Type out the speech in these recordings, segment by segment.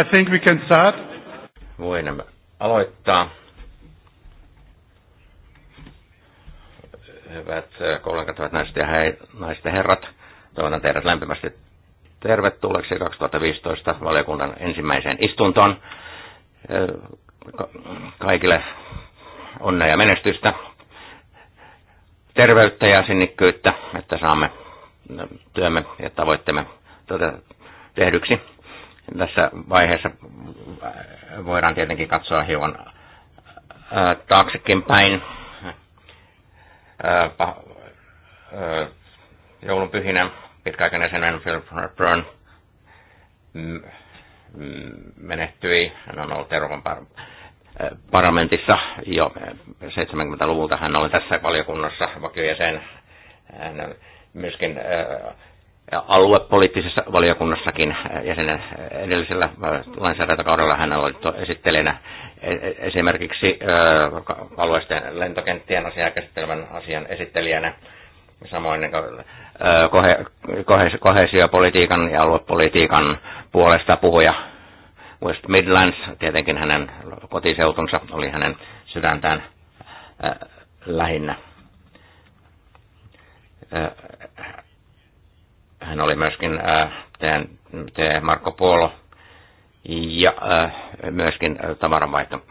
I think we can start. Voimme aloittaa. Hyvät kollegat, hyvät naiset ja, hei, naiset ja herrat, toivotan teidät lämpimästi tervetulleeksi 2015 valiokunnan ensimmäiseen istuntoon. Kaikille onnea ja menestystä, terveyttä ja sinnikkyyttä, että saamme työmme ja tavoitteemme tehdyksi tässä vaiheessa äh, voidaan tietenkin katsoa hieman äh, taaksekin päin. Äh, joulunpyhinä pitkäaikainen jäsenen Phil Brown mm, mm, menehtyi. Hän on ollut Euroopan parlamentissa jo 70-luvulta. Hän oli tässä valiokunnassa vakiojäsen. Hän myöskin aluepoliittisessa valiokunnassakin äh, jäsenen äh, edellisellä äh, lainsäädäntökaudella hän oli esittelijänä e-, e-, esimerkiksi alueisten lentokenttien asiaa käsittelevän asian esittelijänä, samoin kohesiopolitiikan ja aluepolitiikan puolesta puhuja West Midlands, tietenkin hänen kotiseutunsa oli hänen sydäntään lähinnä hän oli myöskin äh, T. Marco Polo ja äh, myöskin äh, tavaranvaihto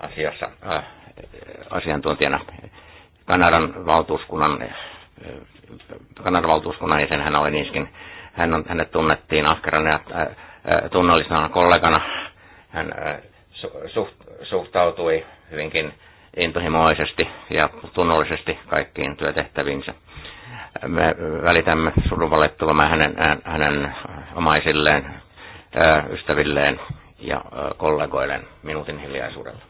asiassa asiantuntijana Kanadan valtuuskunnan Kanadan valtuuskunnan jäsen hän oli niinkin. Hän on, hänet tunnettiin ahkerana ja tunnollisena kollegana. Hän suht, suhtautui hyvinkin intohimoisesti ja tunnollisesti kaikkiin työtehtäviinsä me välitämme surun valittavamme hänen, hänen omaisilleen, ystävilleen ja kollegoilleen minuutin hiljaisuudella.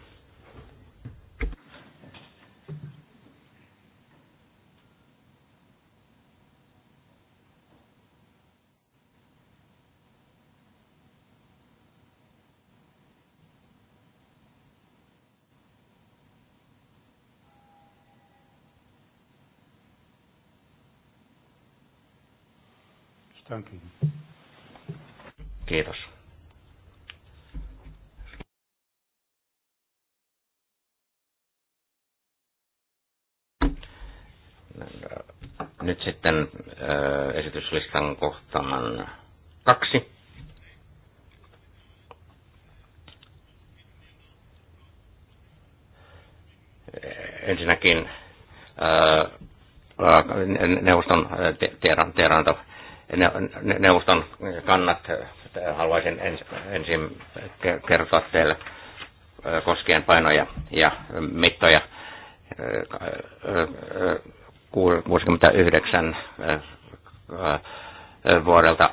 otan kiinni. Kiitos. Nyt sitten äh, esityslistan kohtaan kaksi. Ensinnäkin äh, äh, neuvoston tiedonanto neuvoston kannat haluaisin ensin kertoa teille koskien painoja ja mittoja. 69 vuodelta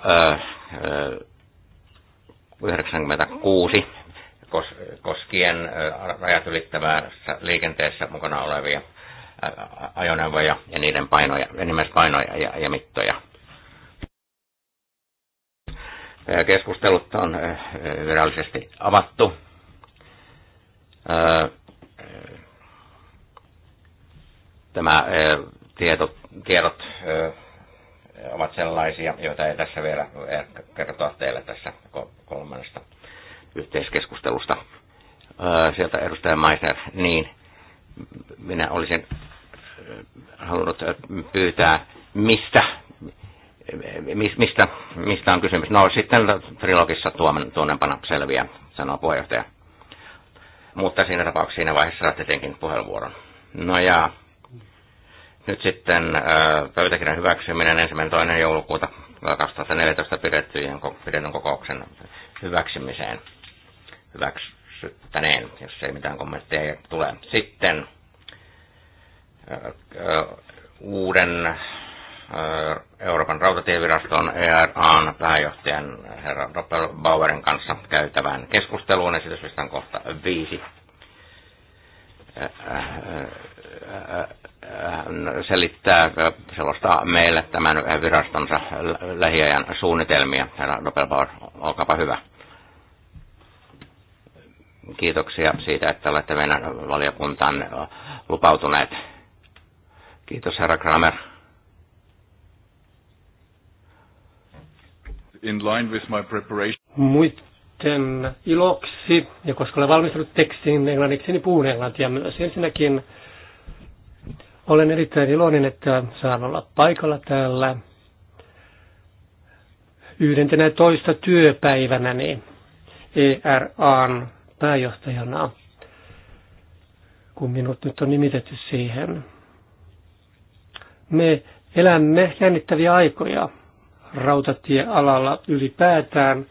96 koskien rajat ylittävässä liikenteessä mukana olevia ajoneuvoja ja niiden painoja, enimmäispainoja ja, ja mittoja. Keskustelut on virallisesti avattu. Tämä tieto, tiedot ovat sellaisia, joita ei tässä vielä kertoa teille tässä kolmannesta yhteiskeskustelusta. Sieltä edustaja Maiser, niin minä olisin halunnut pyytää, mistä mistä, mistä on kysymys? No sitten trilogissa tuonnepana selviä, sanoo puheenjohtaja. Mutta siinä tapauksessa siinä vaiheessa saatte tietenkin puheenvuoron. No ja nyt sitten äh, pöytäkirjan hyväksyminen ensimmäinen toinen joulukuuta 2014 pidettyjen pidetyn kokouksen hyväksymiseen hyväksyttäneen, jos ei mitään kommentteja tule. Sitten äh, äh, uuden Euroopan rautatieviraston ERAn pääjohtajan herra Doppelbauerin kanssa käytävään keskusteluun esityslistan kohta viisi. selittää, selostaa meille tämän virastonsa lähiajan suunnitelmia. Herra Doppelbauer, olkaapa hyvä. Kiitoksia siitä, että olette meidän valiokuntaan lupautuneet. Kiitos herra Kramer. in line with my preparation. Muiden iloksi, ja koska olen valmistellut tekstin englanniksi, niin puhun englantia myös. Ensinnäkin olen erittäin iloinen, että saan olla paikalla täällä yhdentenä toista työpäivänäni ERAn pääjohtajana, kun minut nyt on nimitetty siihen. Me elämme jännittäviä aikoja rautatiealalla ylipäätään,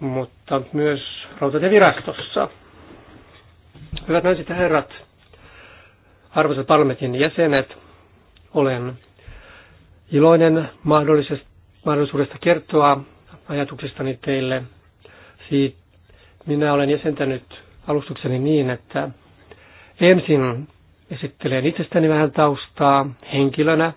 mutta myös rautatievirastossa. Hyvät naiset ja herrat, arvoisat parlamentin jäsenet, olen iloinen mahdollisuudesta kertoa ajatuksestani teille. Siitä minä olen jäsentänyt alustukseni niin, että ensin esittelen itsestäni vähän taustaa henkilönä,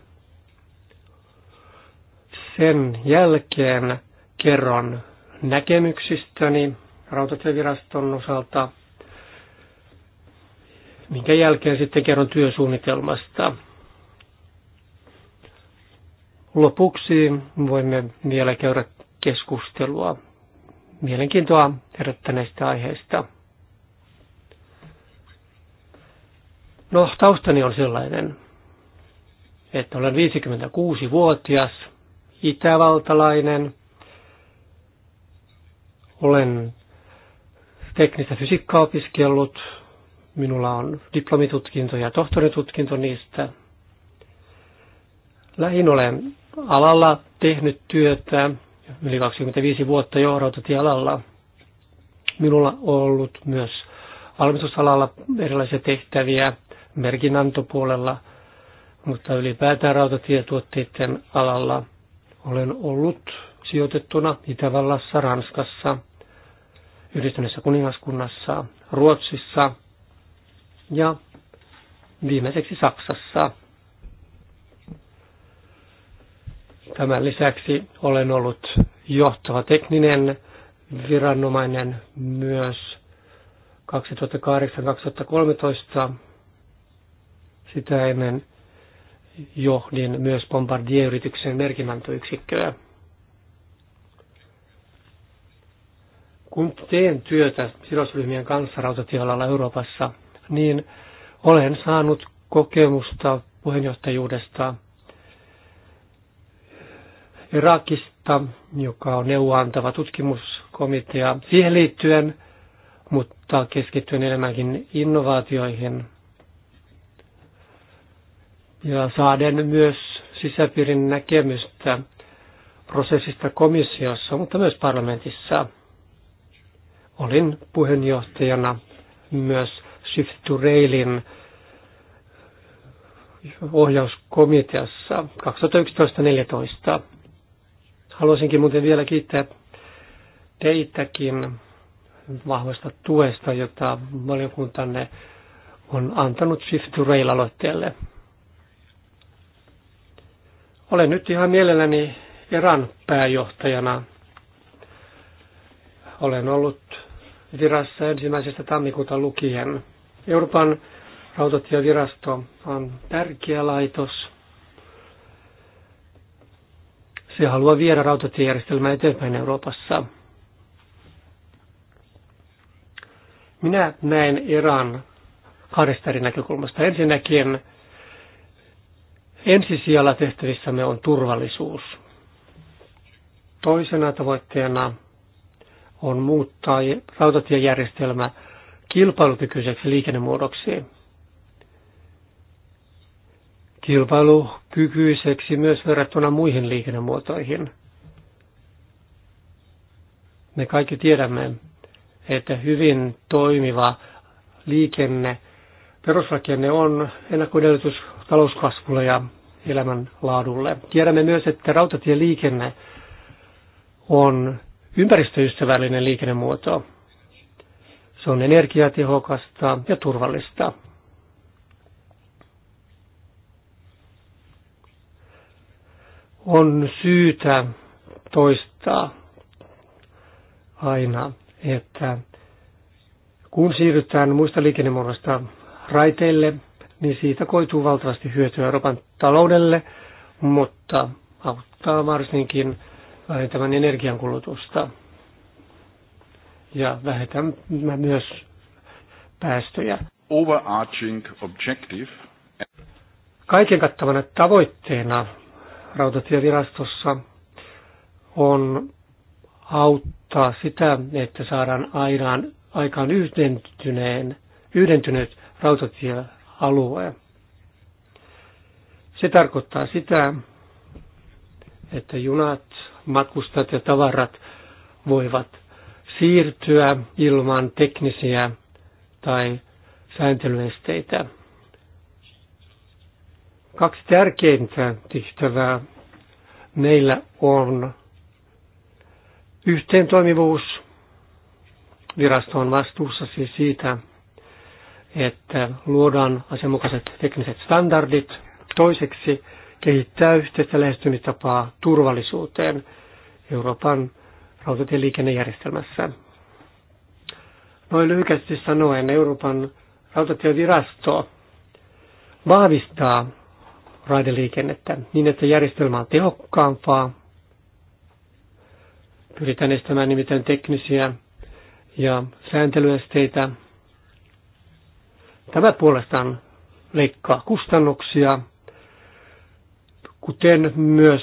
sen jälkeen kerron näkemyksistäni rautatieviraston osalta, minkä jälkeen sitten kerron työsuunnitelmasta. Lopuksi voimme vielä käydä keskustelua mielenkiintoa herättäneistä aiheista. No, taustani on sellainen, että olen 56-vuotias – itävaltalainen. Olen teknistä fysiikkaa opiskellut. Minulla on diplomitutkinto ja tohtoritutkinto niistä. Lähin olen alalla tehnyt työtä yli 25 vuotta jo rautatiealalla. Minulla on ollut myös valmistusalalla erilaisia tehtäviä merkinantopuolella, mutta ylipäätään rautatietuotteiden alalla olen ollut sijoitettuna Itävallassa, Ranskassa, Yhdistyneessä kuningaskunnassa, Ruotsissa ja viimeiseksi Saksassa. Tämän lisäksi olen ollut johtava tekninen viranomainen myös 2008-2013. Sitä ennen johdin niin myös Bombardier-yrityksen merkimantoyksikköä. Kun teen työtä sidosryhmien kanssa rautatiealalla Euroopassa, niin olen saanut kokemusta puheenjohtajuudesta Irakista, joka on neuvoantava tutkimuskomitea siihen liittyen, mutta keskittyen enemmänkin innovaatioihin – ja saaden myös sisäpiirin näkemystä prosessista komissiossa, mutta myös parlamentissa. Olin puheenjohtajana myös Shift to Railin ohjauskomiteassa 2011-2014. Haluaisinkin muuten vielä kiittää teitäkin vahvasta tuesta, jota valiokuntanne on antanut Shift to Rail-aloitteelle. Olen nyt ihan mielelläni Eran pääjohtajana. Olen ollut virassa ensimmäisestä tammikuuta lukien. Euroopan rautatievirasto on tärkeä laitos. Se haluaa viedä rautatiejärjestelmää eteenpäin Euroopassa. Minä näen Eran kahdesta eri näkökulmasta. Ensinnäkin Ensisijalla tehtävissämme on turvallisuus. Toisena tavoitteena on muuttaa rautatiejärjestelmä kilpailukykyiseksi liikennemuodoksi. Kilpailukykyiseksi myös verrattuna muihin liikennemuotoihin. Me kaikki tiedämme, että hyvin toimiva liikenne, perusrakenne on ennakkoedellytys talouskasvulle ja elämänlaadulle. Tiedämme myös, että rautatieliikenne on ympäristöystävällinen liikennemuoto. Se on energiatehokasta ja turvallista. On syytä toistaa aina, että kun siirrytään muista liikennemuodoista raiteille, niin siitä koituu valtavasti hyötyä Euroopan taloudelle, mutta auttaa varsinkin vähentämään energiankulutusta ja vähentämään myös päästöjä. Overarching objective. Kaiken kattavana tavoitteena rautatievirastossa on auttaa sitä, että saadaan aikaan yhdentyneen, yhdentynyt rautatie alue. Se tarkoittaa sitä, että junat, matkustajat ja tavarat voivat siirtyä ilman teknisiä tai sääntelyesteitä. Kaksi tärkeintä tehtävää meillä on yhteentoimivuus. Virasto on vastuussa siis siitä, että luodaan asianmukaiset tekniset standardit. Toiseksi kehittää yhteistä lähestymistapaa turvallisuuteen Euroopan rautatieliikennejärjestelmässä. Noin lyhykästi sanoen Euroopan rautatievirasto vahvistaa raideliikennettä niin, että järjestelmä on tehokkaampaa. Pyritään estämään nimittäin teknisiä ja sääntelyesteitä Tämä puolestaan leikkaa kustannuksia, kuten myös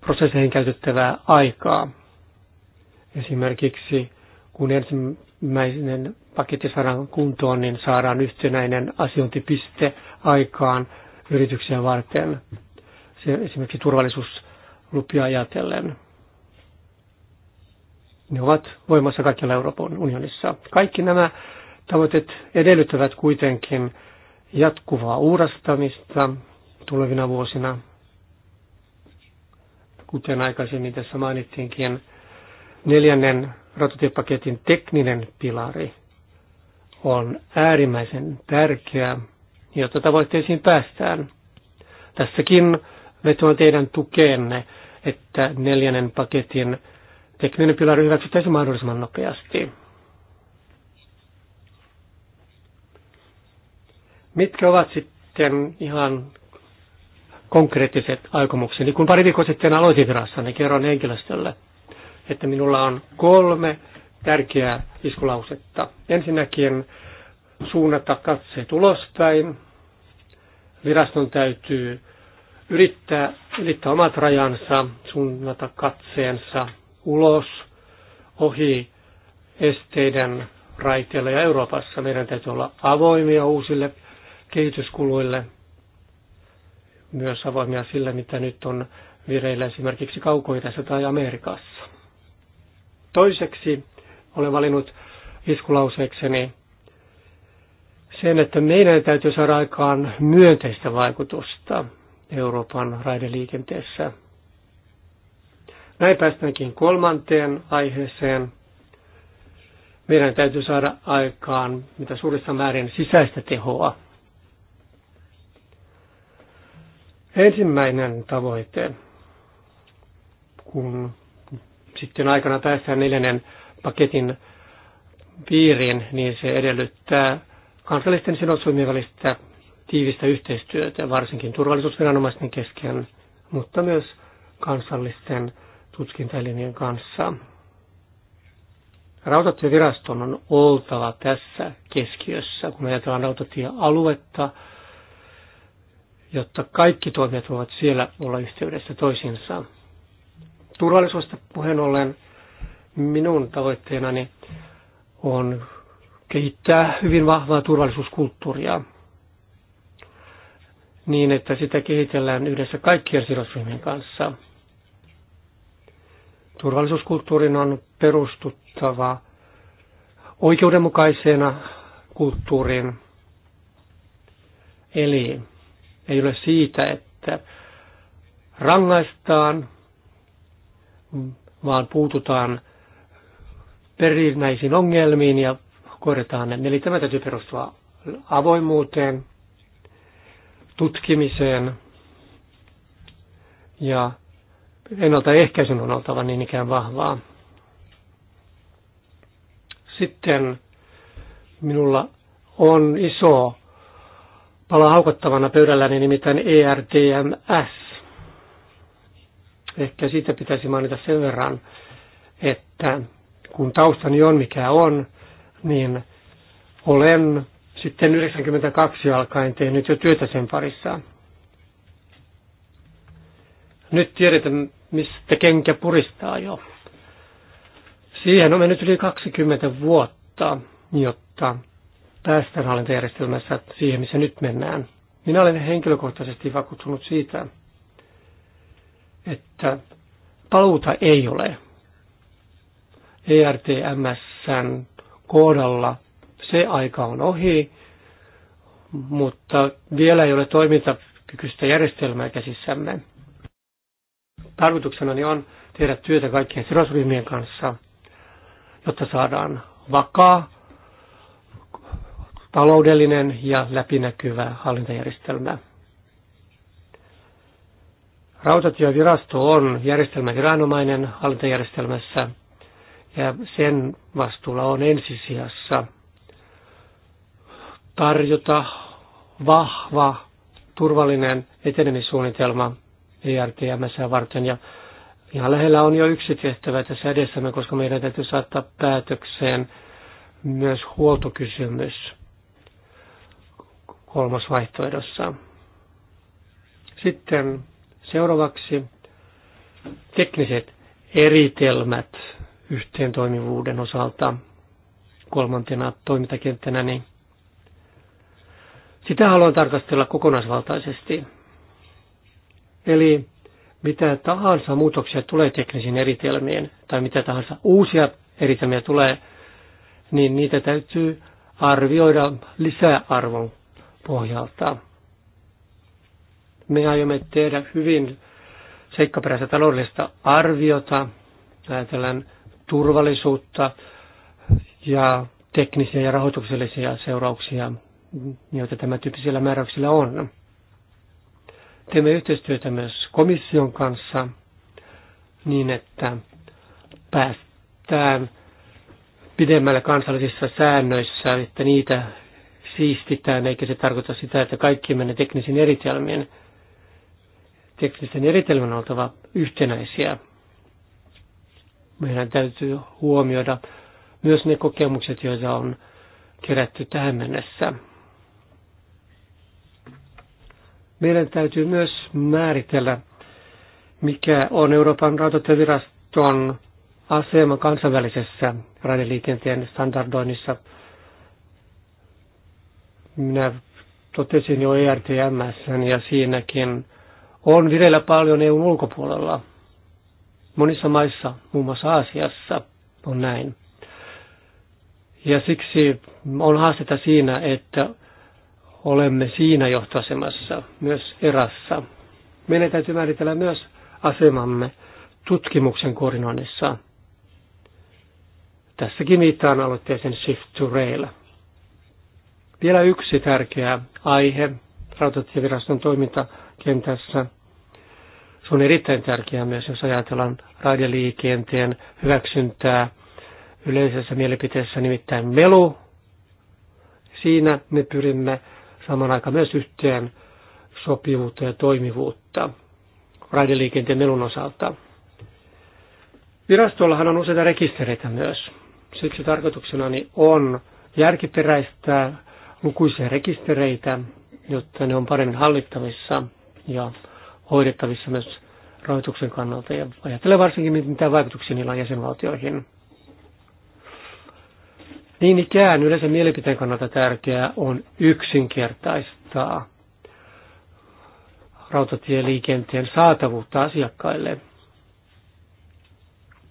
prosesseihin käytettävää aikaa. Esimerkiksi kun ensimmäinen paketti saadaan kuntoon, niin saadaan yhtenäinen asiointipiste aikaan yrityksiä varten, Se, esimerkiksi turvallisuuslupia ajatellen. Ne ovat voimassa kaikkialla Euroopan unionissa. Kaikki nämä Tavoitteet edellyttävät kuitenkin jatkuvaa uurastamista tulevina vuosina, kuten aikaisemmin tässä mainittiinkin. Neljännen rautatiepaketin tekninen pilari on äärimmäisen tärkeä, jotta tavoitteisiin päästään. Tässäkin vetoan teidän tukeenne, että neljännen paketin tekninen pilari hyväksyttäisiin mahdollisimman nopeasti. Mitkä ovat sitten ihan konkreettiset aikomukseni? Niin kun pari viikkoa sitten aloitin virassa, niin kerron henkilöstölle, että minulla on kolme tärkeää iskulausetta. Ensinnäkin suunnata katseet ulospäin. Viraston täytyy yrittää ylittää omat rajansa, suunnata katseensa ulos, ohi esteiden raiteilla ja Euroopassa. Meidän täytyy olla avoimia uusille kehityskuluille, myös avoimia sillä, mitä nyt on vireillä esimerkiksi kaukoitässä tai Amerikassa. Toiseksi olen valinnut iskulauseekseni sen, että meidän täytyy saada aikaan myönteistä vaikutusta Euroopan raideliikenteessä. Näin päästäänkin kolmanteen aiheeseen. Meidän täytyy saada aikaan mitä suurissa määrin sisäistä tehoa ensimmäinen tavoite, kun sitten aikana päästään neljännen paketin piiriin, niin se edellyttää kansallisten sidosryhmien välistä tiivistä yhteistyötä, varsinkin turvallisuusviranomaisten kesken, mutta myös kansallisten tutkintaelimien kanssa. Rautatieviraston on oltava tässä keskiössä, kun ajatellaan rautatiealuetta, aluetta jotta kaikki toimijat voivat siellä olla yhteydessä toisiinsa. Turvallisuudesta puheen ollen minun tavoitteenani on kehittää hyvin vahvaa turvallisuuskulttuuria niin, että sitä kehitellään yhdessä kaikkien sidosryhmien kanssa. Turvallisuuskulttuurin on perustuttava oikeudenmukaisena kulttuuriin, eli ei ole siitä, että rangaistaan, vaan puututaan perinnäisiin ongelmiin ja korjataan ne. Eli tämä täytyy perustua avoimuuteen, tutkimiseen ja ennaltaehkäisyn on oltava niin ikään vahvaa. Sitten minulla on iso palaa haukottavana pöydälläni nimittäin ERTMS. Ehkä siitä pitäisi mainita sen verran, että kun taustani on mikä on, niin olen sitten 92 alkaen tehnyt jo työtä sen parissa. Nyt tiedetään, mistä kenkä puristaa jo. Siihen on mennyt yli 20 vuotta, jotta päästään hallintajärjestelmässä siihen, missä nyt mennään. Minä olen henkilökohtaisesti vakuuttunut siitä, että paluuta ei ole. ERTMSn kohdalla se aika on ohi, mutta vielä ei ole toimintakykyistä järjestelmää käsissämme. Tarkoituksenani on tehdä työtä kaikkien sidosryhmien kanssa, jotta saadaan vakaa taloudellinen ja läpinäkyvä hallintajärjestelmä. Rautatievirasto on järjestelmäviranomainen hallintajärjestelmässä ja sen vastuulla on ensisijassa tarjota vahva, turvallinen etenemissuunnitelma ERTMS varten ja ihan lähellä on jo yksi tehtävä tässä edessämme, koska meidän täytyy saattaa päätökseen myös huoltokysymys vaihtoehdossa. Sitten seuraavaksi tekniset eritelmät yhteen toimivuuden osalta kolmantena toimintakenttänä, niin sitä haluan tarkastella kokonaisvaltaisesti. Eli mitä tahansa muutoksia tulee teknisiin eritelmiin tai mitä tahansa uusia eritelmiä tulee, niin niitä täytyy arvioida lisäarvon pohjalta. Me aiomme tehdä hyvin seikkaperäistä taloudellista arviota, ajatellaan turvallisuutta ja teknisiä ja rahoituksellisia seurauksia, joita tämä tyyppisillä määräyksillä on. Teemme yhteistyötä myös komission kanssa niin, että päästään pidemmälle kansallisissa säännöissä, että niitä siistitään, eikä se tarkoita sitä, että kaikki menee teknisiin eritelmien. Teknisten eritelmän on oltava yhtenäisiä. Meidän täytyy huomioida myös ne kokemukset, joita on kerätty tähän mennessä. Meidän täytyy myös määritellä, mikä on Euroopan rautatieviraston asema kansainvälisessä raideliikenteen standardoinnissa – minä totesin jo ERTMS ja siinäkin on vireillä paljon EUn ulkopuolella. Monissa maissa, muun muassa Aasiassa, on näin. Ja siksi on haastetta siinä, että olemme siinä johtoasemassa, myös erassa. Meidän täytyy määritellä myös asemamme tutkimuksen koordinoinnissa. Tässäkin viittaan aloitteeseen Shift to Rail – vielä yksi tärkeä aihe rautatieviraston toimintakentässä. Se on erittäin tärkeää myös, jos ajatellaan raideliikenteen hyväksyntää yleisessä mielipiteessä, nimittäin melu. Siinä me pyrimme saman aikaan myös yhteen sopivuutta ja toimivuutta raideliikenteen melun osalta. Virastollahan on useita rekistereitä myös. Siksi tarkoituksena on järkiperäistää lukuisia rekistereitä, jotta ne on paremmin hallittavissa ja hoidettavissa myös rahoituksen kannalta. Ja ajattelen varsinkin, mitä vaikutuksia niillä on jäsenvaltioihin. Niin ikään yleisen mielipiteen kannalta tärkeää on yksinkertaistaa rautatieliikenteen saatavuutta asiakkaille.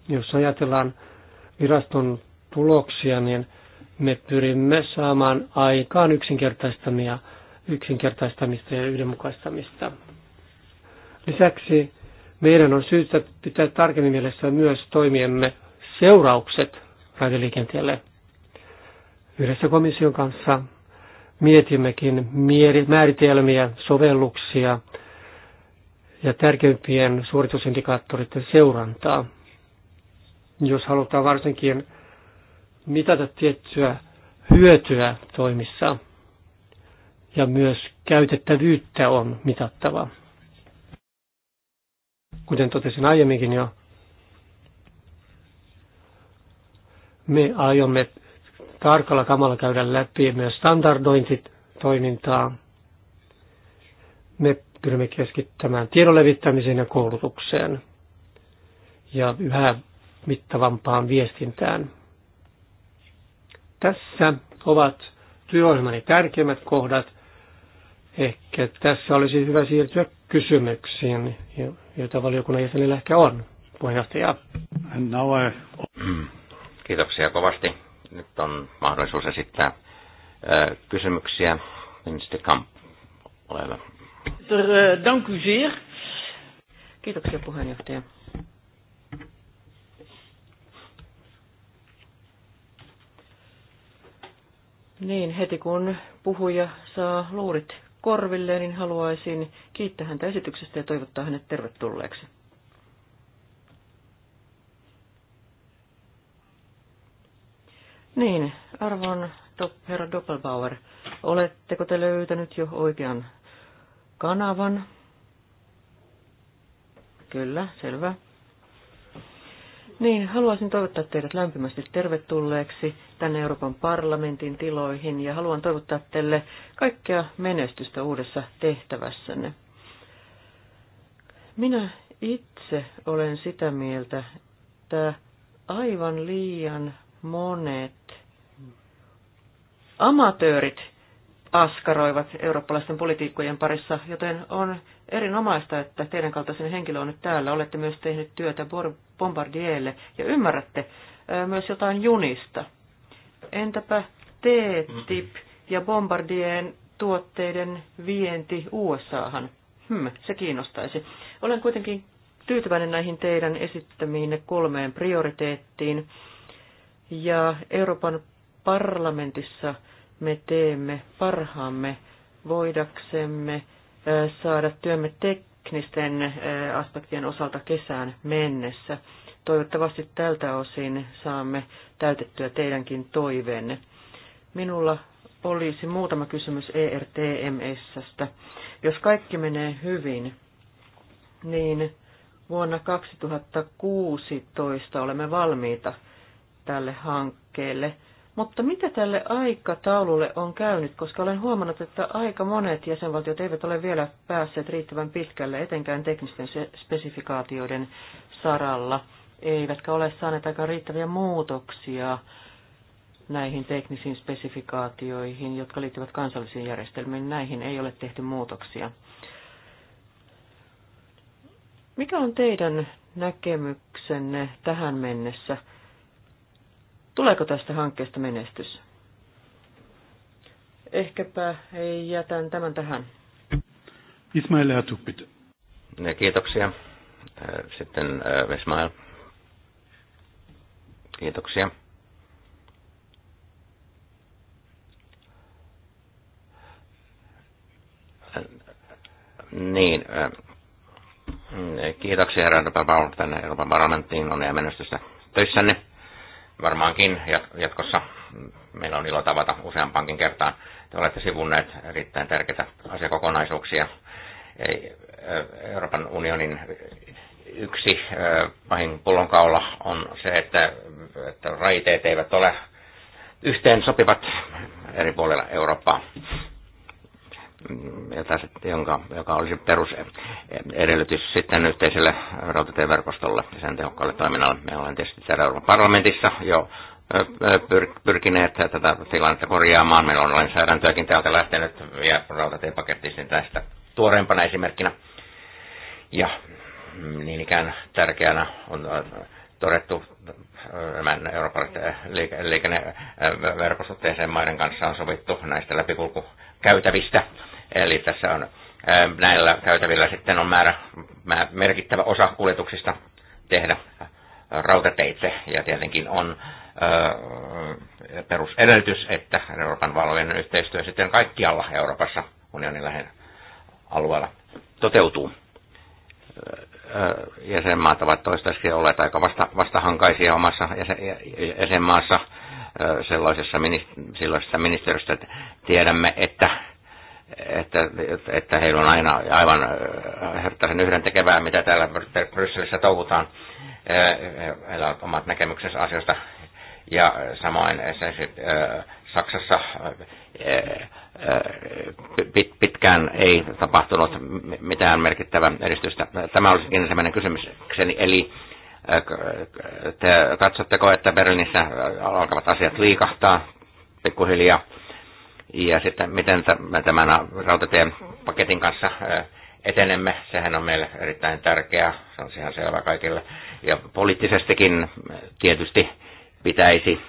Jos ajatellaan viraston tuloksia, niin – me pyrimme saamaan aikaan yksinkertaistamia, yksinkertaistamista ja yhdenmukaistamista. Lisäksi meidän on syytä pitää tarkemmin mielessä myös toimiemme seuraukset raideliikenteelle. Yhdessä komission kanssa mietimmekin määritelmiä, sovelluksia ja tärkeimpien suoritusindikaattoreiden seurantaa. Jos halutaan varsinkin mitata tiettyä hyötyä toimissa ja myös käytettävyyttä on mitattava. Kuten totesin aiemminkin jo, me aiomme tarkalla kamalla käydä läpi myös standardointitoimintaa. Me pyrimme keskittämään tiedon levittämiseen ja koulutukseen ja yhä mittavampaan viestintään. Tässä ovat työohjelmani tärkeimmät kohdat. Ehkä tässä olisi hyvä siirtyä kysymyksiin, joita valiokunnan jäsenillä ehkä on. Puheenjohtaja. Kiitoksia kovasti. Nyt on mahdollisuus esittää kysymyksiä. Ministeri Kamp, ole hyvä. Kiitoksia puheenjohtaja. Niin, heti kun puhuja saa luurit korvilleen, niin haluaisin kiittää häntä esityksestä ja toivottaa hänet tervetulleeksi. Niin, arvon herra Doppelbauer, oletteko te löytänyt jo oikean kanavan? Kyllä, selvä. Niin, haluaisin toivottaa teidät lämpimästi tervetulleeksi tänne Euroopan parlamentin tiloihin ja haluan toivottaa teille kaikkea menestystä uudessa tehtävässänne. Minä itse olen sitä mieltä, että aivan liian monet amatöörit askaroivat eurooppalaisten politiikkojen parissa, joten on erinomaista, että teidän kaltaisen henkilö on nyt täällä. Olette myös tehnyt työtä Bombardierille ja ymmärrätte myös jotain junista. Entäpä TTIP ja Bombardien tuotteiden vienti USAhan? Hmm, se kiinnostaisi. Olen kuitenkin tyytyväinen näihin teidän esittämiinne kolmeen prioriteettiin. Ja Euroopan parlamentissa me teemme parhaamme voidaksemme saada työmme teknisten aspektien osalta kesään mennessä. Toivottavasti tältä osin saamme täytettyä teidänkin toiveenne. Minulla olisi muutama kysymys ERTMSstä. Jos kaikki menee hyvin, niin vuonna 2016 olemme valmiita tälle hankkeelle – mutta mitä tälle aikataululle on käynyt, koska olen huomannut, että aika monet jäsenvaltiot eivät ole vielä päässeet riittävän pitkälle, etenkään teknisten spesifikaatioiden saralla, eivätkä ole saaneet aika riittäviä muutoksia näihin teknisiin spesifikaatioihin, jotka liittyvät kansallisiin järjestelmiin. Näihin ei ole tehty muutoksia. Mikä on teidän näkemyksenne tähän mennessä? Tuleeko tästä hankkeesta menestys? Ehkäpä ei jätän tämän tähän. Ismail Ertug, bitte. Kiitoksia. Äh, sitten äh, Ismail. Kiitoksia. Äh, niin, kiitoksia herra Paul tänne Euroopan parlamenttiin. Onnea menestystä töissänne varmaankin jatkossa meillä on ilo tavata useampankin kertaan. Te olette sivunneet erittäin tärkeitä asiakokonaisuuksia. Euroopan unionin yksi pahin pullonkaula on se, että, että raiteet eivät ole yhteen sopivat eri puolilla Eurooppaa jota, jonka, joka olisi perusedellytys sitten yhteiselle rautatieverkostolle ja sen tehokkaalle toiminnalle. Me olemme tietysti täällä Euroopan parlamentissa jo pyrkineet tätä tilannetta korjaamaan. Meillä on lainsäädäntöäkin täältä lähtenyt ja sitten tästä tuoreempana esimerkkinä. Ja niin ikään tärkeänä on todettu tämän Euroopan liikenneverkostot maiden kanssa on sovittu näistä läpikulkukäytävistä Eli tässä on näillä käytävillä sitten on määrä, merkittävä osa kuljetuksista tehdä rautateitse ja tietenkin on perusedellytys, että Euroopan valojen yhteistyö sitten kaikkialla Euroopassa unionin lähen alueella toteutuu. Jäsenmaat ovat toistaiseksi olleet aika vasta, vastahankaisia omassa jäsenmaassa sellaisessa, silloisessa että tiedämme, että että, että heillä on aina aivan herttäisen yhden tekevää, mitä täällä Brysselissä touhutaan. Eh, heillä on omat näkemyksensä asioista. Ja samoin esimerkiksi eh, Saksassa eh, pitkään ei tapahtunut mitään merkittävää edistystä. Tämä olisikin ensimmäinen kysymykseni, eli te katsotteko, että Berliinissä alkavat asiat liikahtaa pikkuhiljaa? Ja sitten miten tämän rautatien paketin kanssa etenemme, sehän on meille erittäin tärkeää, se on ihan selvä kaikille. Ja poliittisestikin tietysti pitäisi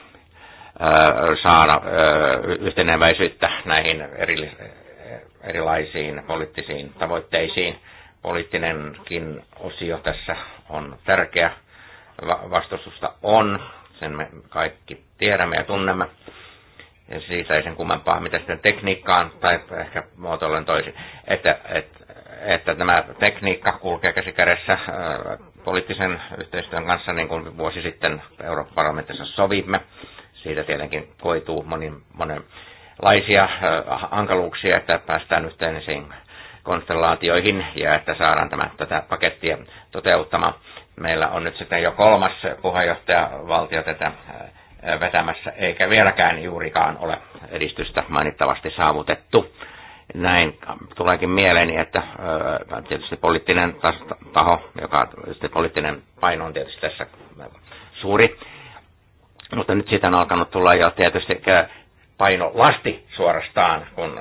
saada yhteneväisyyttä näihin erilaisiin poliittisiin tavoitteisiin. Poliittinenkin osio tässä on tärkeä. Vastustusta on, sen me kaikki tiedämme ja tunnemme siitä ei sen kummempaa, mitä sitten tekniikkaan, tai ehkä muotoillen toisin, että, että, että tämä tekniikka kulkee kädessä äh, poliittisen yhteistyön kanssa, niin kuin vuosi sitten Euroopan parlamentissa sovimme. Siitä tietenkin koituu moni, monenlaisia äh, hankaluuksia, että päästään yhteisiin konstellaatioihin ja että saadaan tämä, tätä pakettia toteuttamaan. Meillä on nyt sitten jo kolmas puheenjohtajavaltio tätä äh, vetämässä, eikä vieläkään juurikaan ole edistystä mainittavasti saavutettu. Näin tuleekin mieleeni, että tietysti poliittinen taho, joka poliittinen paino on tietysti tässä suuri, mutta nyt siitä on alkanut tulla jo tietysti lasti suorastaan, kun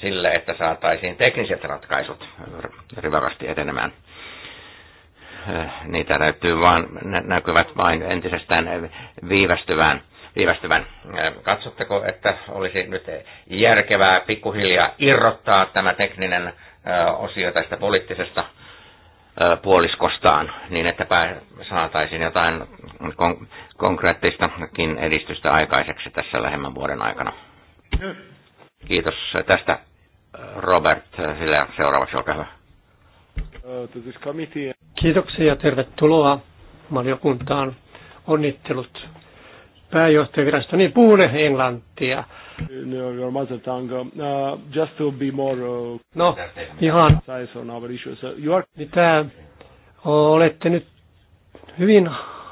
sille, että saataisiin tekniset ratkaisut rivakasti etenemään. Eh, niitä näyttyy vaan, näkyvät vain entisestään viivästyvän. viivästyvän. Eh, katsotteko, että olisi nyt järkevää pikkuhiljaa irrottaa tämä tekninen eh, osio tästä poliittisesta puoliskostaan, niin että saataisiin jotain kon- konkreettistakin edistystä aikaiseksi tässä lähemmän vuoden aikana. Mm. Kiitos tästä Robert, sillä seuraavaksi olkaa hyvä. Kiitoksia ja tervetuloa valiokuntaan. Onnittelut pääjohtajavirasta. Niin, puhun englantia. no, ihan. Mitä olette nyt hyvin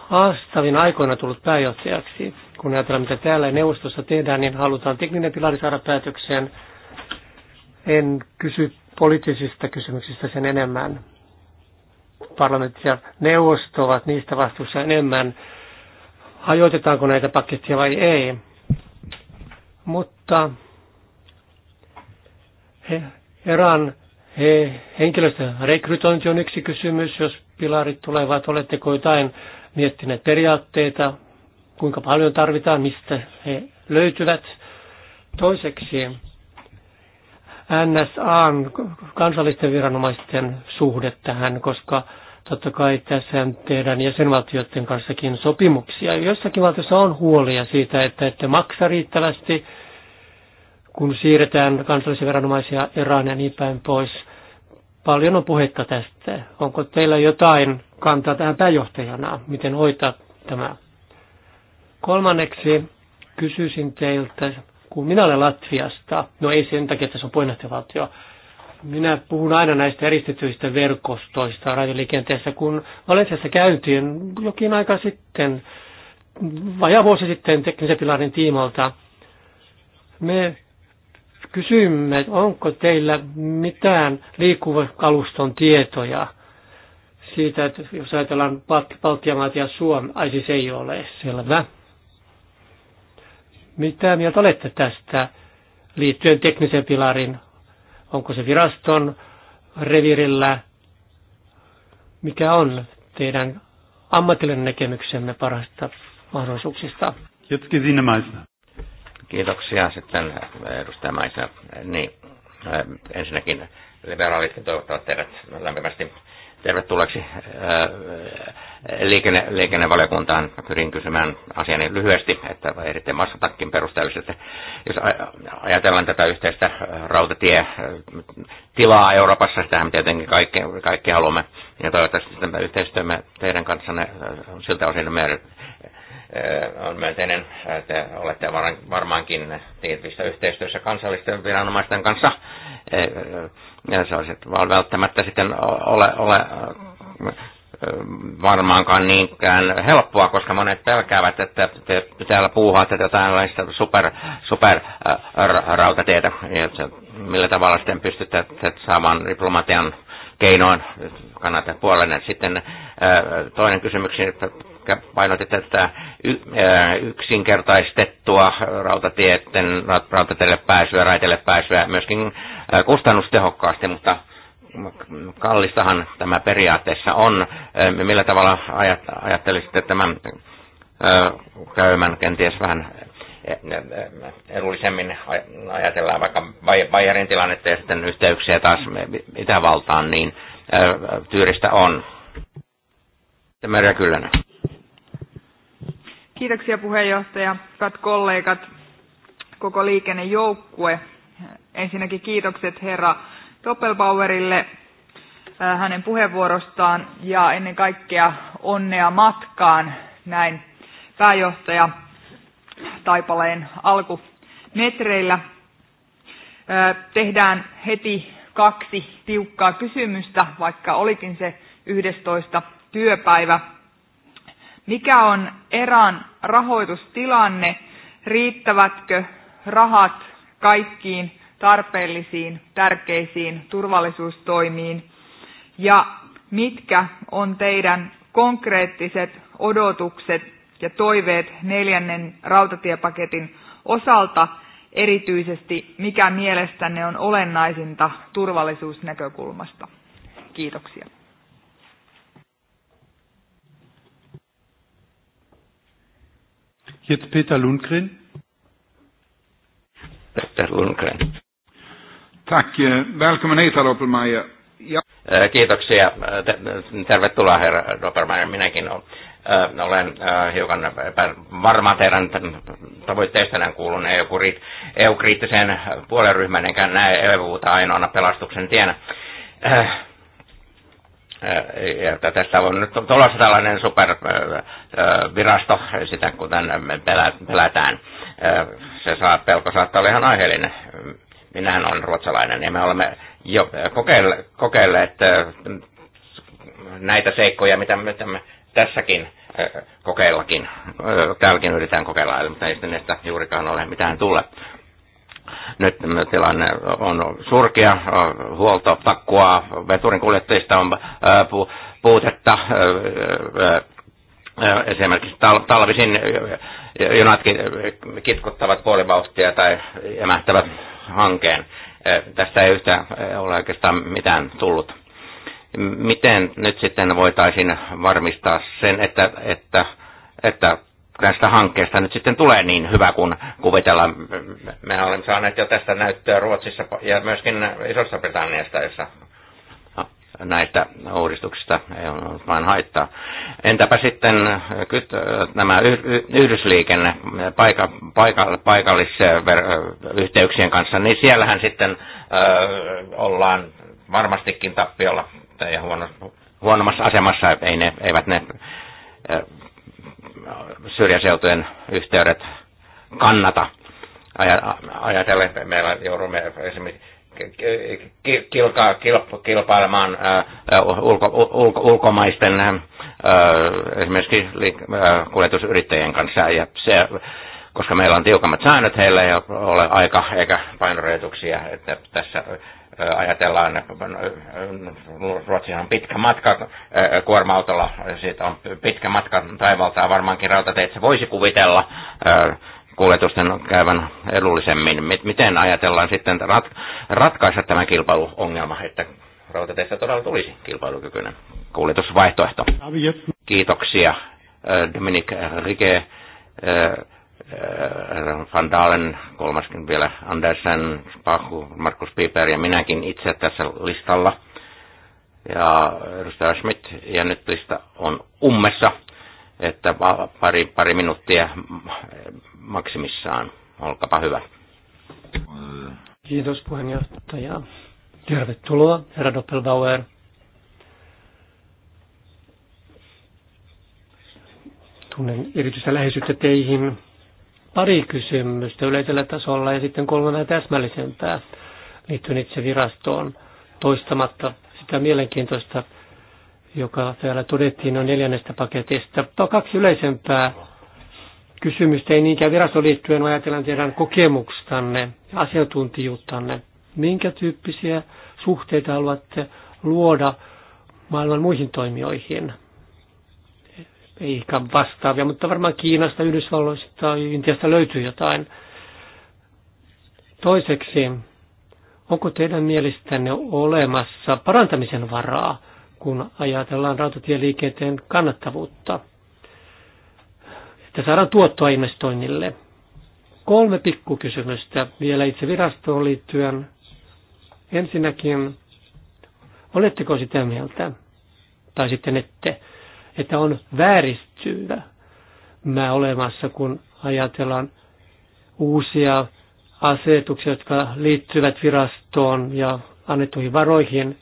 haastavin aikoina tullut pääjohtajaksi. Kun ajatellaan, mitä täällä neuvostossa tehdään, niin halutaan tekninen pilari saada päätökseen. En kysy poliittisista kysymyksistä sen enemmän. Parlamentit ja neuvosto ovat niistä vastuussa enemmän. Hajoitetaanko näitä paketteja vai ei? Mutta he, erään he, henkilöstön rekrytointi on yksi kysymys, jos pilarit tulevat. Oletteko jotain miettineet periaatteita, kuinka paljon tarvitaan, mistä he löytyvät? Toiseksi NSAn kansallisten viranomaisten suhde tähän, koska totta kai tässä tehdään jäsenvaltioiden kanssakin sopimuksia. Jossakin valtiossa on huolia siitä, että ette maksa riittävästi, kun siirretään kansallisia viranomaisia erään ja niin päin pois. Paljon on puhetta tästä. Onko teillä jotain kantaa tähän pääjohtajana, miten hoitaa tämä? Kolmanneksi kysyisin teiltä kun minä olen Latviasta, no ei sen takia, että se on puheenjohtajavaltio, minä puhun aina näistä eristetyistä verkostoista radioliikenteessä, kun Valensiassa käytiin jokin aika sitten, vajaa vuosi sitten teknisen pilarin tiimalta. Me kysymme, onko teillä mitään liikkuvakaluston tietoja siitä, että jos ajatellaan Baltiamaat ja Suomi, ai siis ei ole selvä. Mitä mieltä olette tästä liittyen teknisen pilarin? Onko se viraston revirillä? Mikä on teidän ammatillinen näkemyksenne parhaista mahdollisuuksista? Jotkin sinne maista. Kiitoksia sitten edustaja Maisa. Niin, ensinnäkin liberaalitkin toivottavat teidät lämpimästi tervetulleeksi äh, liikenne, liikennevaliokuntaan. Pyrin kysymään asiani lyhyesti, että ehditte massatakin perusteellisesti. Jos ajatellaan tätä yhteistä äh, rautatietilaa äh, Euroopassa, sitähän tietenkin kaikki, kaikki haluamme, ja toivottavasti tämä yhteistyömme teidän kanssanne siltä osin on myönteinen, että olette varmaankin tiivistä yhteistyössä kansallisten viranomaisten kanssa. Se olisi välttämättä sitten ole, ole varmaankaan niinkään helppoa, koska monet pelkäävät, että te täällä puuhaatte jotainlaista super, super rautateitä, millä tavalla sitten pystytte saamaan diplomatian keinoin kannattaa puolelle. Sitten toinen kysymys, painotitte tätä yksinkertaistettua rautateiden, rautateille pääsyä, raiteille pääsyä, myöskin kustannustehokkaasti, mutta kallistahan tämä periaatteessa on. Millä tavalla ajattelisitte tämän käymän kenties vähän edullisemmin ajatellaan vaikka Bayerin tilannetta ja sitten yhteyksiä taas Itävaltaan, niin tyyristä on. Merja Kyllönen. Kiitoksia puheenjohtaja, hyvät kollegat, koko liikennejoukkue. Ensinnäkin kiitokset herra Doppelbauerille äh, hänen puheenvuorostaan ja ennen kaikkea onnea matkaan näin pääjohtaja Taipaleen alkumetreillä. Äh, tehdään heti kaksi tiukkaa kysymystä, vaikka olikin se 11. työpäivä mikä on erän rahoitustilanne, riittävätkö rahat kaikkiin tarpeellisiin, tärkeisiin turvallisuustoimiin ja mitkä on teidän konkreettiset odotukset ja toiveet neljännen rautatiepaketin osalta, erityisesti mikä mielestänne on olennaisinta turvallisuusnäkökulmasta. Kiitoksia. Jetzt Peter Lundgren. Peter Lundgren. Tack. Eh, välkommen hit, herr Oppelmeier. Ja. Eh, kiitoksia. Eh, tervetuloa, herra Doppelmeier. Minäkin olen hiukan varma teidän tavoitteistanne kuulun EU-kriittiseen puoleryhmään, enkä näe EU-ta ainoana pelastuksen tienä ja tästä on nyt tulossa tällainen supervirasto, sitä kuten pelätään. Se saa, pelko saattaa olla ihan aiheellinen. Minähän olen ruotsalainen ja me olemme jo kokeilleet, näitä seikkoja, mitä me tässäkin kokeillakin, täälläkin yritetään kokeilla, mutta ei sitten näistä juurikaan ole mitään tulla. Nyt tilanne on surkea, huolto takkua, veturin kuljettajista on äh, puutetta, äh, äh, esimerkiksi talvisin junatkin kitkuttavat puolivauhtia tai emähtävät hankeen. Tästä ei yhtään ole oikeastaan mitään tullut. Miten nyt sitten voitaisiin varmistaa sen, että, että, että tästä hankkeesta nyt sitten tulee niin hyvä kuin kuvitellaan. Me olemme saaneet jo tästä näyttöä Ruotsissa ja myöskin Isossa Britanniasta, jossa näistä uudistuksista ei ole vain haittaa. Entäpä sitten äh, äh, nämä yhdysliikenne paika, paika, paikallisyhteyksien kanssa, niin siellähän sitten ö, äh, ollaan varmastikin tappiolla ja huonommassa asemassa, ei ne, eivät ne syrjäseutujen yhteydet kannata. Ajatellen, meillä joudumme esimerkiksi kilka, kilpa, kilpailemaan ää, ulko, ulko, ulkomaisten ää, esimerkiksi li, ää, kuljetusyrittäjien kanssa. Ja se, koska meillä on tiukammat säännöt, heille ei ole aika eikä painorajoituksia. Että tässä ajatellaan, Ruotsihan on pitkä matka kuorma-autolla, siitä on pitkä matka taivaltaa varmaankin rautateitse voisi kuvitella kuljetusten käyvän edullisemmin. Miten ajatellaan sitten ratkaista tämä kilpailuongelma, että rautateistä todella tulisi kilpailukykyinen kuljetusvaihtoehto? Kiitoksia Dominik Rike Äh, äh, Van Dalen, kolmaskin vielä Andersen, Pahu, Markus Piper ja minäkin itse tässä listalla. Ja edustaja Schmidt, ja nyt lista on ummessa, että pari, pari minuuttia maksimissaan. Olkapa hyvä. Kiitos puheenjohtaja. Tervetuloa, herra Doppelbauer. Tunnen erityistä läheisyyttä teihin pari kysymystä yleisellä tasolla ja sitten kolme vähän täsmällisempää liittyen itse virastoon toistamatta sitä mielenkiintoista, joka täällä todettiin on no neljännestä paketista. Tuo kaksi yleisempää kysymystä, ei niinkään virasto liittyen, ajatellaan teidän kokemukstanne ja asiantuntijuuttanne. Minkä tyyppisiä suhteita haluatte luoda maailman muihin toimijoihin? ehkä vastaavia, mutta varmaan Kiinasta, Yhdysvalloista tai Intiasta löytyy jotain. Toiseksi, onko teidän mielestänne olemassa parantamisen varaa, kun ajatellaan rautatieliikenteen kannattavuutta? Että saadaan tuottoa investoinnille. Kolme pikkukysymystä vielä itse virastoon liittyen. Ensinnäkin, oletteko sitä mieltä, tai sitten ette, että on vääristyvä mä olemassa, kun ajatellaan uusia asetuksia, jotka liittyvät virastoon ja annettuihin varoihin.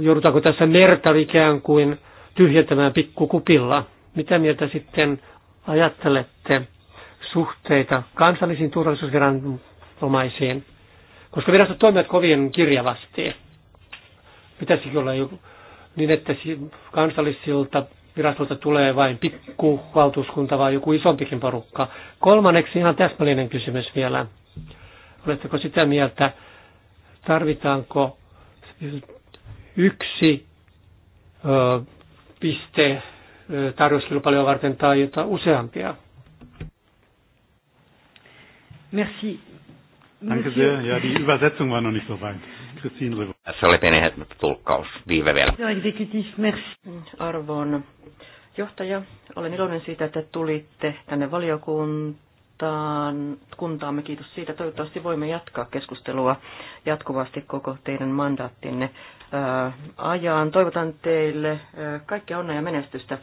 Joudutaanko tässä merta ikään kuin tyhjentämään pikkukupilla? Mitä mieltä sitten ajattelette suhteita kansallisiin turvallisuusviranomaisiin? Koska virastot toimivat kovin kirjavasti. Pitäisikö olla joku niin että kansallisilta virastolta tulee vain pikkuvaltuuskunta vai joku isompikin porukka. Kolmanneksi ihan täsmällinen kysymys vielä. Oletteko sitä mieltä, tarvitaanko yksi ö, piste tarjouskilpailua varten tai jotain useampia? Merci. Danke sehr. Ja, die Übersetzung war noch nicht so weit. Christine Rivo. Se oli pieni viive vielä. Arvon johtaja, olen iloinen siitä, että tulitte tänne valiokuntaan. Kuntaamme kiitos siitä. Toivottavasti voimme jatkaa keskustelua jatkuvasti koko teidän mandaattinne ajan. Toivotan teille kaikkea onnea ja menestystä.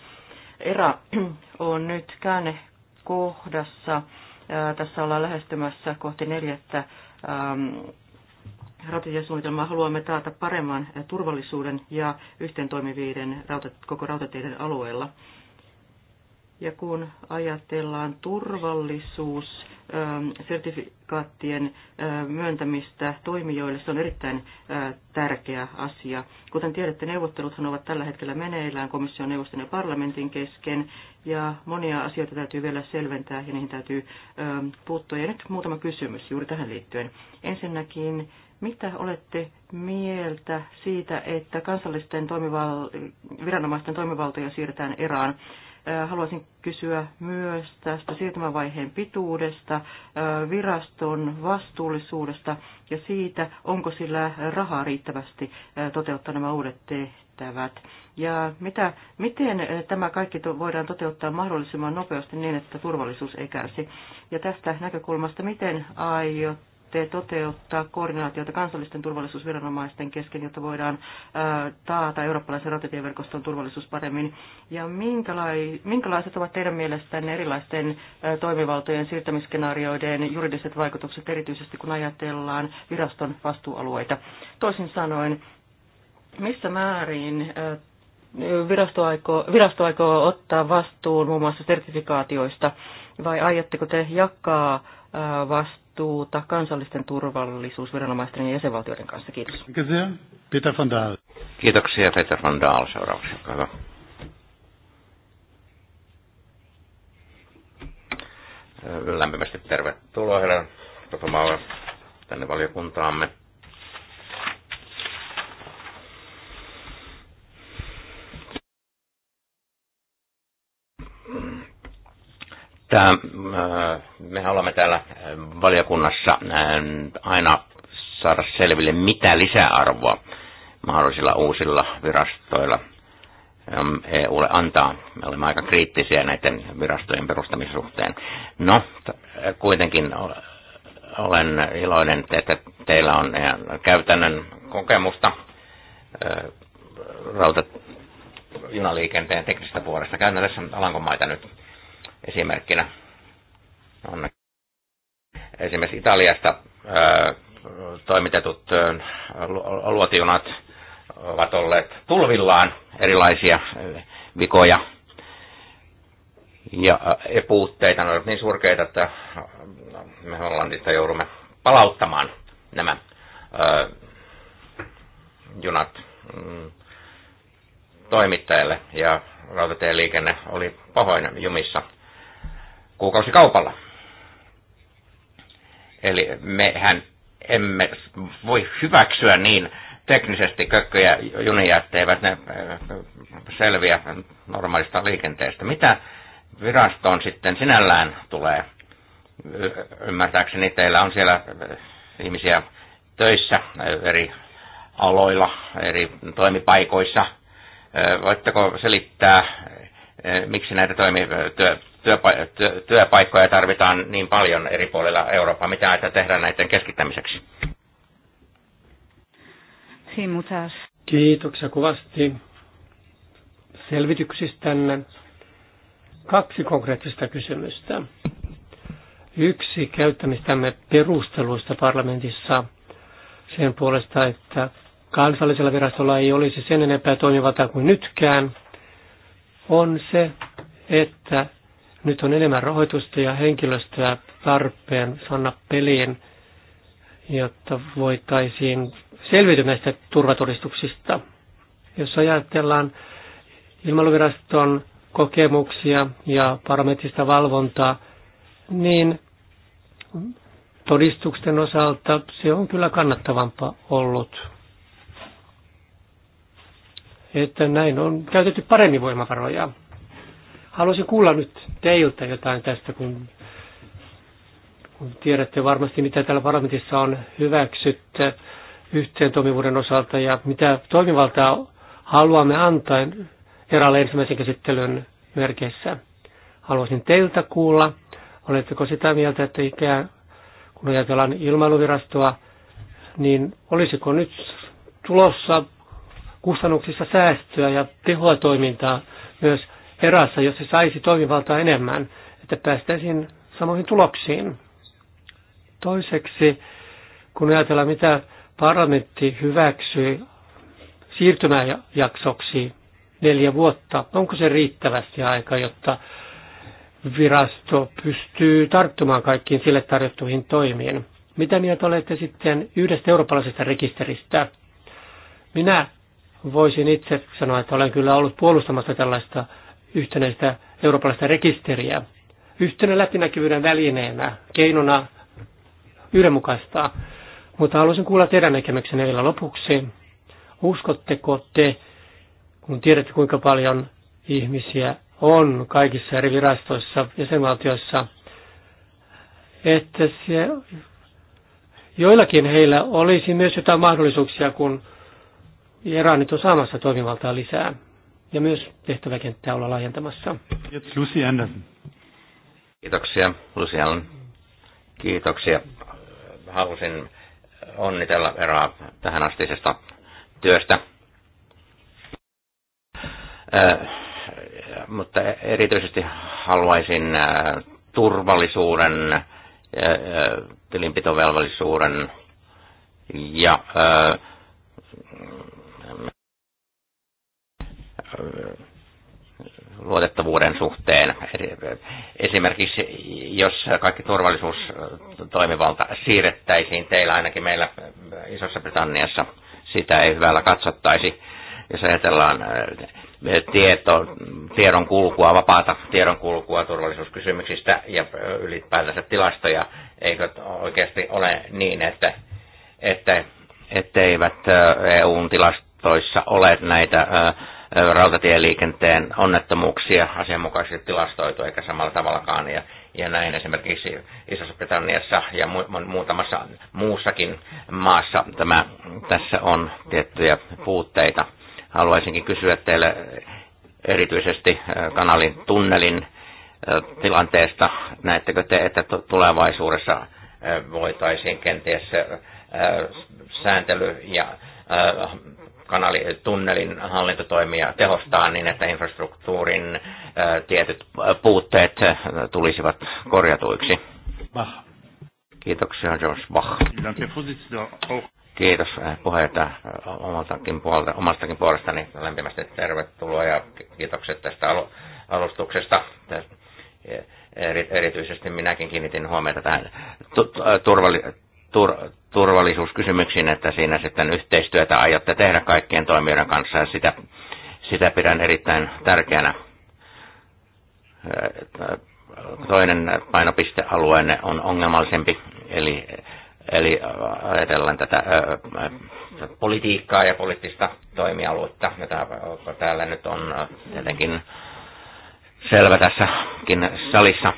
Era on nyt käännekohdassa. Tässä ollaan lähestymässä kohti neljättä ratatiasuunnitelmaa haluamme taata paremman turvallisuuden ja toimivien koko rautateiden alueella. Ja kun ajatellaan turvallisuussertifikaattien ähm, ähm, myöntämistä toimijoille, se on erittäin äh, tärkeä asia. Kuten tiedätte, neuvotteluthan ovat tällä hetkellä meneillään komission neuvoston ja parlamentin kesken, ja monia asioita täytyy vielä selventää ja niihin täytyy ähm, puuttua. Ja nyt muutama kysymys juuri tähän liittyen. Ensinnäkin mitä olette mieltä siitä, että kansallisten toimival- viranomaisten toimivaltoja siirretään erään? Haluaisin kysyä myös tästä siirtymävaiheen pituudesta, viraston vastuullisuudesta ja siitä, onko sillä rahaa riittävästi toteuttaa nämä uudet tehtävät. Ja mitä, miten tämä kaikki voidaan toteuttaa mahdollisimman nopeasti niin, että turvallisuus ei kärsi. Ja tästä näkökulmasta, miten aiot aiotte toteuttaa koordinaatiota kansallisten turvallisuusviranomaisten kesken, jotta voidaan taata eurooppalaisen rautatieverkoston turvallisuus paremmin? Ja minkälaiset ovat teidän mielestänne erilaisten toimivaltojen siirtämisskenaarioiden juridiset vaikutukset, erityisesti kun ajatellaan viraston vastuualueita? Toisin sanoen, missä määrin virasto aikoo, virasto aikoo ottaa vastuun muun muassa sertifikaatioista, vai aiotteko te jakaa vastuun? vastuuta kansallisten turvallisuusviranomaisten ja jäsenvaltioiden kanssa. Kiitos. Kiitoksia, Peter van Daal. Kiitoksia, Peter van Daal. Seuraavaksi, hyvä. Lämpimästi tervetuloa, Helen tänne valiokuntaamme. että äh, me haluamme täällä äh, valiokunnassa äh, aina saada selville, mitä lisäarvoa mahdollisilla uusilla virastoilla ähm, EUlle antaa. Me olemme aika kriittisiä näiden virastojen perustamisuhteen. No, kuitenkin olen iloinen, että teillä on käytännön kokemusta rautajunaliikenteen teknisestä puolesta. Käyn tässä Alankomaita nyt esimerkkinä. On esimerkiksi Italiasta toimitetut luotijunat ovat olleet tulvillaan erilaisia vikoja ja puutteita. Ne ovat niin surkeita, että me Hollandista joudumme palauttamaan nämä junat mm, toimittajalle ja rautatieliikenne oli pahoin jumissa kuukausikaupalla. Eli mehän emme voi hyväksyä niin teknisesti kökköjä junia, etteivät ne äh, selviä normaalista liikenteestä. Mitä virastoon sitten sinällään tulee? Ymmärtääkseni teillä on siellä äh, ihmisiä töissä äh, eri aloilla, eri toimipaikoissa. Voitteko selittää, miksi näitä toimi, työ, työpa- työ- työpaikkoja tarvitaan niin paljon eri puolilla Eurooppaa. Mitä aiotte tehdä näiden keskittämiseksi? Kiitoksia kovasti selvityksistänne. Kaksi konkreettista kysymystä. Yksi käyttämistämme perusteluista parlamentissa sen puolesta, että kansallisella virastolla ei olisi sen enempää toimivaltaa kuin nytkään, on se, että nyt on enemmän rahoitusta ja henkilöstöä tarpeen sanna peliin, jotta voitaisiin selviytyä näistä turvatodistuksista. Jos ajatellaan ilmailuviraston kokemuksia ja parametrista valvontaa, niin todistuksen osalta se on kyllä kannattavampaa ollut. Että näin on käytetty paremmin voimavaroja. Haluaisin kuulla nyt teiltä jotain tästä, kun, kun tiedätte varmasti, mitä täällä parlamentissa on hyväksytty yhteen toimivuuden osalta ja mitä toimivaltaa haluamme antaa eräälle ensimmäisen käsittelyn merkeissä. Haluaisin teiltä kuulla, oletteko sitä mieltä, että ikään kun ajatellaan ilmailuvirastoa, niin olisiko nyt tulossa kustannuksissa säästöä ja tehoa toimintaa myös erässä, jos se saisi toimivaltaa enemmän, että päästäisiin samoihin tuloksiin. Toiseksi, kun ajatellaan, mitä parlamentti hyväksyi siirtymäjaksoksi neljä vuotta, onko se riittävästi aika, jotta virasto pystyy tarttumaan kaikkiin sille tarjottuihin toimiin? Mitä mieltä olette sitten yhdestä eurooppalaisesta rekisteristä? Minä voisin itse sanoa, että olen kyllä ollut puolustamassa tällaista yhtenäistä eurooppalaista rekisteriä yhtenä läpinäkyvyyden välineenä, keinona yhdenmukaistaa. Mutta haluaisin kuulla teidän näkemyksenne vielä lopuksi. Uskotteko te, kun tiedätte kuinka paljon ihmisiä on kaikissa eri virastoissa ja valtioissa, että se, joillakin heillä olisi myös jotain mahdollisuuksia, kun Iranit on saamassa toimivaltaa lisää ja myös tehtäväkenttää olla laajentamassa. Kiitos Lucy Anderson. Kiitoksia Lucy Allen. Kiitoksia. Halusin onnitella eroa tähän astisesta työstä. Äh, mutta erityisesti haluaisin turvallisuuden, tilinpitovelvollisuuden ja luotettavuuden suhteen. Esimerkiksi jos kaikki turvallisuustoimivalta siirrettäisiin teillä ainakin meillä Isossa Britanniassa, sitä ei hyvällä katsottaisi. Jos ajatellaan eh, tieto, tiedon kulkua, vapaata tiedon kulkua turvallisuuskysymyksistä ja eh, ylipäätänsä tilastoja, eikö oikeasti ole niin, että, että etteivät EUn eh, e tilastoissa ole näitä rautatieliikenteen onnettomuuksia asianmukaisesti tilastoitu, eikä samalla tavallakaan. Ja, ja näin esimerkiksi isossa britanniassa ja mu- muutamassa muussakin maassa tämä, tässä on tiettyjä puutteita. Haluaisinkin kysyä teille erityisesti kanalin tunnelin tilanteesta. Näettekö te, että tulevaisuudessa voitaisiin kenties sääntely ja kanali, tunnelin hallintatoimia tehostaa niin, että infrastruktuurin tietyt puutteet tulisivat korjatuiksi. Bach. Kiitoksia, George Bach. Kiitos eh, puheenjohtaja omaltakin puolta, omastakin puolestani lämpimästi tervetuloa ja kiitokset tästä alustuksesta. E, e, erityisesti minäkin kiinnitin huomiota tähän turvallisuuteen tur, turvallisuuskysymyksiin, että siinä sitten yhteistyötä aiotte tehdä kaikkien toimijoiden kanssa ja sitä, sitä pidän erittäin tärkeänä. Toinen painopistealueenne on ongelmallisempi, eli, eli ajatellaan tätä politiikkaa ja poliittista toimialuetta, jota täällä nyt on jotenkin selvä tässäkin salissa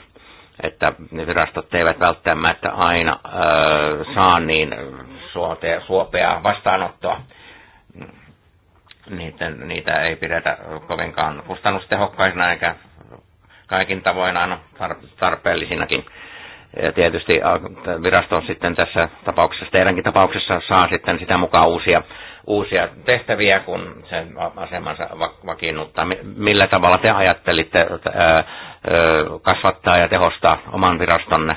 että virastot eivät välttämättä aina ö, saa niin suotea suopeaa vastaanottoa. Niitä, niitä ei pidetä kovinkaan kustannustehokkaisina eikä kaikin tavoin aina tarpeellisinakin. Ja tietysti virasto sitten tässä tapauksessa, teidänkin tapauksessa saa sitten sitä mukaan uusia, uusia tehtäviä, kun sen asemansa vakiinnuttaa. Millä tavalla te ajattelitte kasvattaa ja tehostaa oman virastonne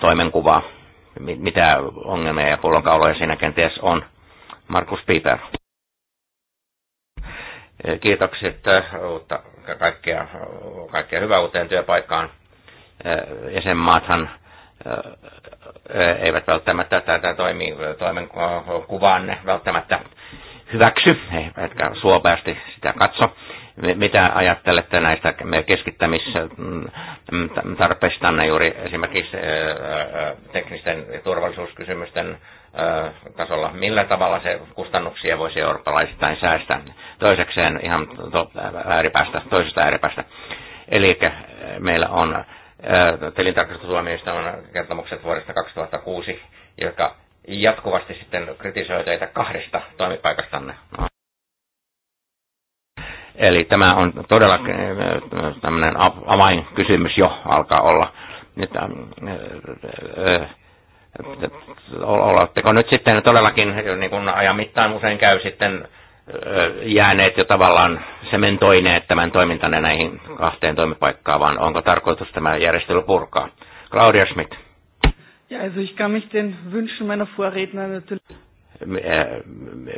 toimenkuvaa? Mitä ongelmia ja pullonkauloja siinä kenties on? Markus Piper. Kiitokset kaikkea, kaikkea hyvää uuteen työpaikkaan jäsenmaathan eivät välttämättä tätä toimi, toimenkuvaan välttämättä hyväksy, eivätkä suopeasti sitä katso. Mitä ajattelette näistä keskittämistarpeista juuri esimerkiksi teknisten turvallisuuskysymysten tasolla? Millä tavalla se kustannuksia voisi eurooppalaisittain säästää? Toisekseen ihan to, ääripäästä, toisesta ääripäästä. Eli meillä on tilintarkastustuomioistuimen kertomukset vuodesta 2006, joka jatkuvasti sitten kritisoi teitä kahdesta toimipaikastanne. Eli tämä on todella tämmöinen avainkysymys jo alkaa olla. Nyt, oletteko nyt sitten todellakin, niin kuin ajan mittaan usein käy sitten jääneet jo tavallaan sementoineet tämän toimintanne näihin kahteen toimipaikkaan, vaan onko tarkoitus tämä järjestely purkaa? Claudia Schmidt. Ja, also ich kann mich den Wünschen meiner Vorredner natürlich...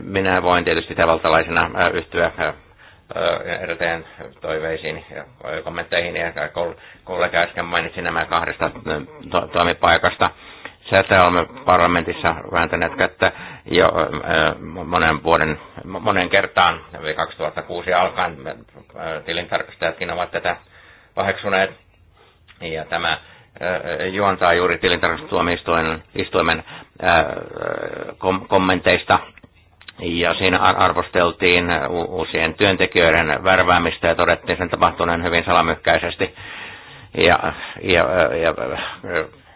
Minä voin tietysti tavaltalaisena yhtyä edelleen toiveisiin ja kommentteihin, ja kollega äsken mainitsi nämä kahdesta toimipaikasta Tätä olemme parlamentissa vääntäneet kättä jo äh, monen vuoden, monen kertaan, 2006 alkaen äh, tilintarkastajatkin ovat tätä paheksuneet. Ja tämä äh, juontaa juuri tilintarkastustuomioistuimen kommenteista, ja siinä arvosteltiin uusien työntekijöiden värväämistä ja todettiin sen tapahtuneen hyvin salamyhkäisesti. Ja, ja, ja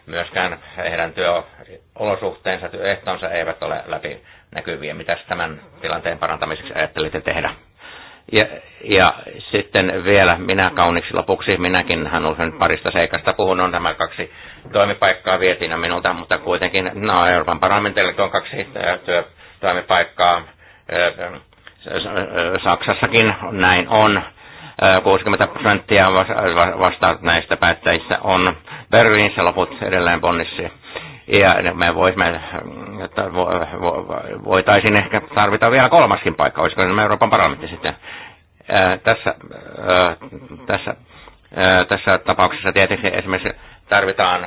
myöskään heidän työolosuhteensa, työehtonsa eivät ole läpi näkyviä. mitä tämän tilanteen parantamiseksi ajattelitte tehdä? Ja, ja sitten vielä minä kauniksi lopuksi, minäkin hän olen parista seikasta puhunut, on tämä kaksi toimipaikkaa vietinä minulta, mutta kuitenkin, no Euroopan parlamentille on kaksi työ, toimipaikkaa, Saksassakin näin on, 60 prosenttia vasta näistä päättäjistä on Berliinissä, loput edelleen Bonnissa. Ja me voisimme, voitaisiin ehkä tarvita vielä kolmaskin paikka, olisiko se Euroopan parlamentti sitten. Tässä, tässä, tässä tapauksessa tietysti esimerkiksi tarvitaan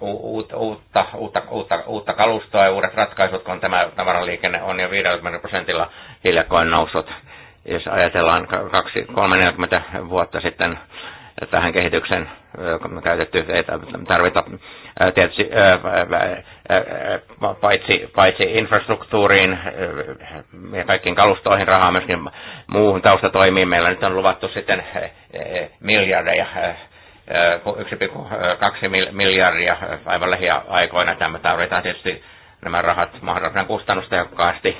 uutta, uutta, uutta, uutta, uutta kalustoa ja uudet ratkaisut, kun tämä tavaraliikenne on jo 50 prosentilla hiljakoin noussut jos ajatellaan 30 vuotta sitten tähän kehitykseen käytetty, ei tarvita tietysti paitsi, paitsi infrastruktuuriin ja kaikkiin kalustoihin rahaa myöskin muuhun taustatoimiin. Meillä nyt on luvattu sitten miljardeja 1,2 miljardia aivan lähiaikoina. Tämä tarvitaan tietysti nämä rahat mahdollisimman kustannustehokkaasti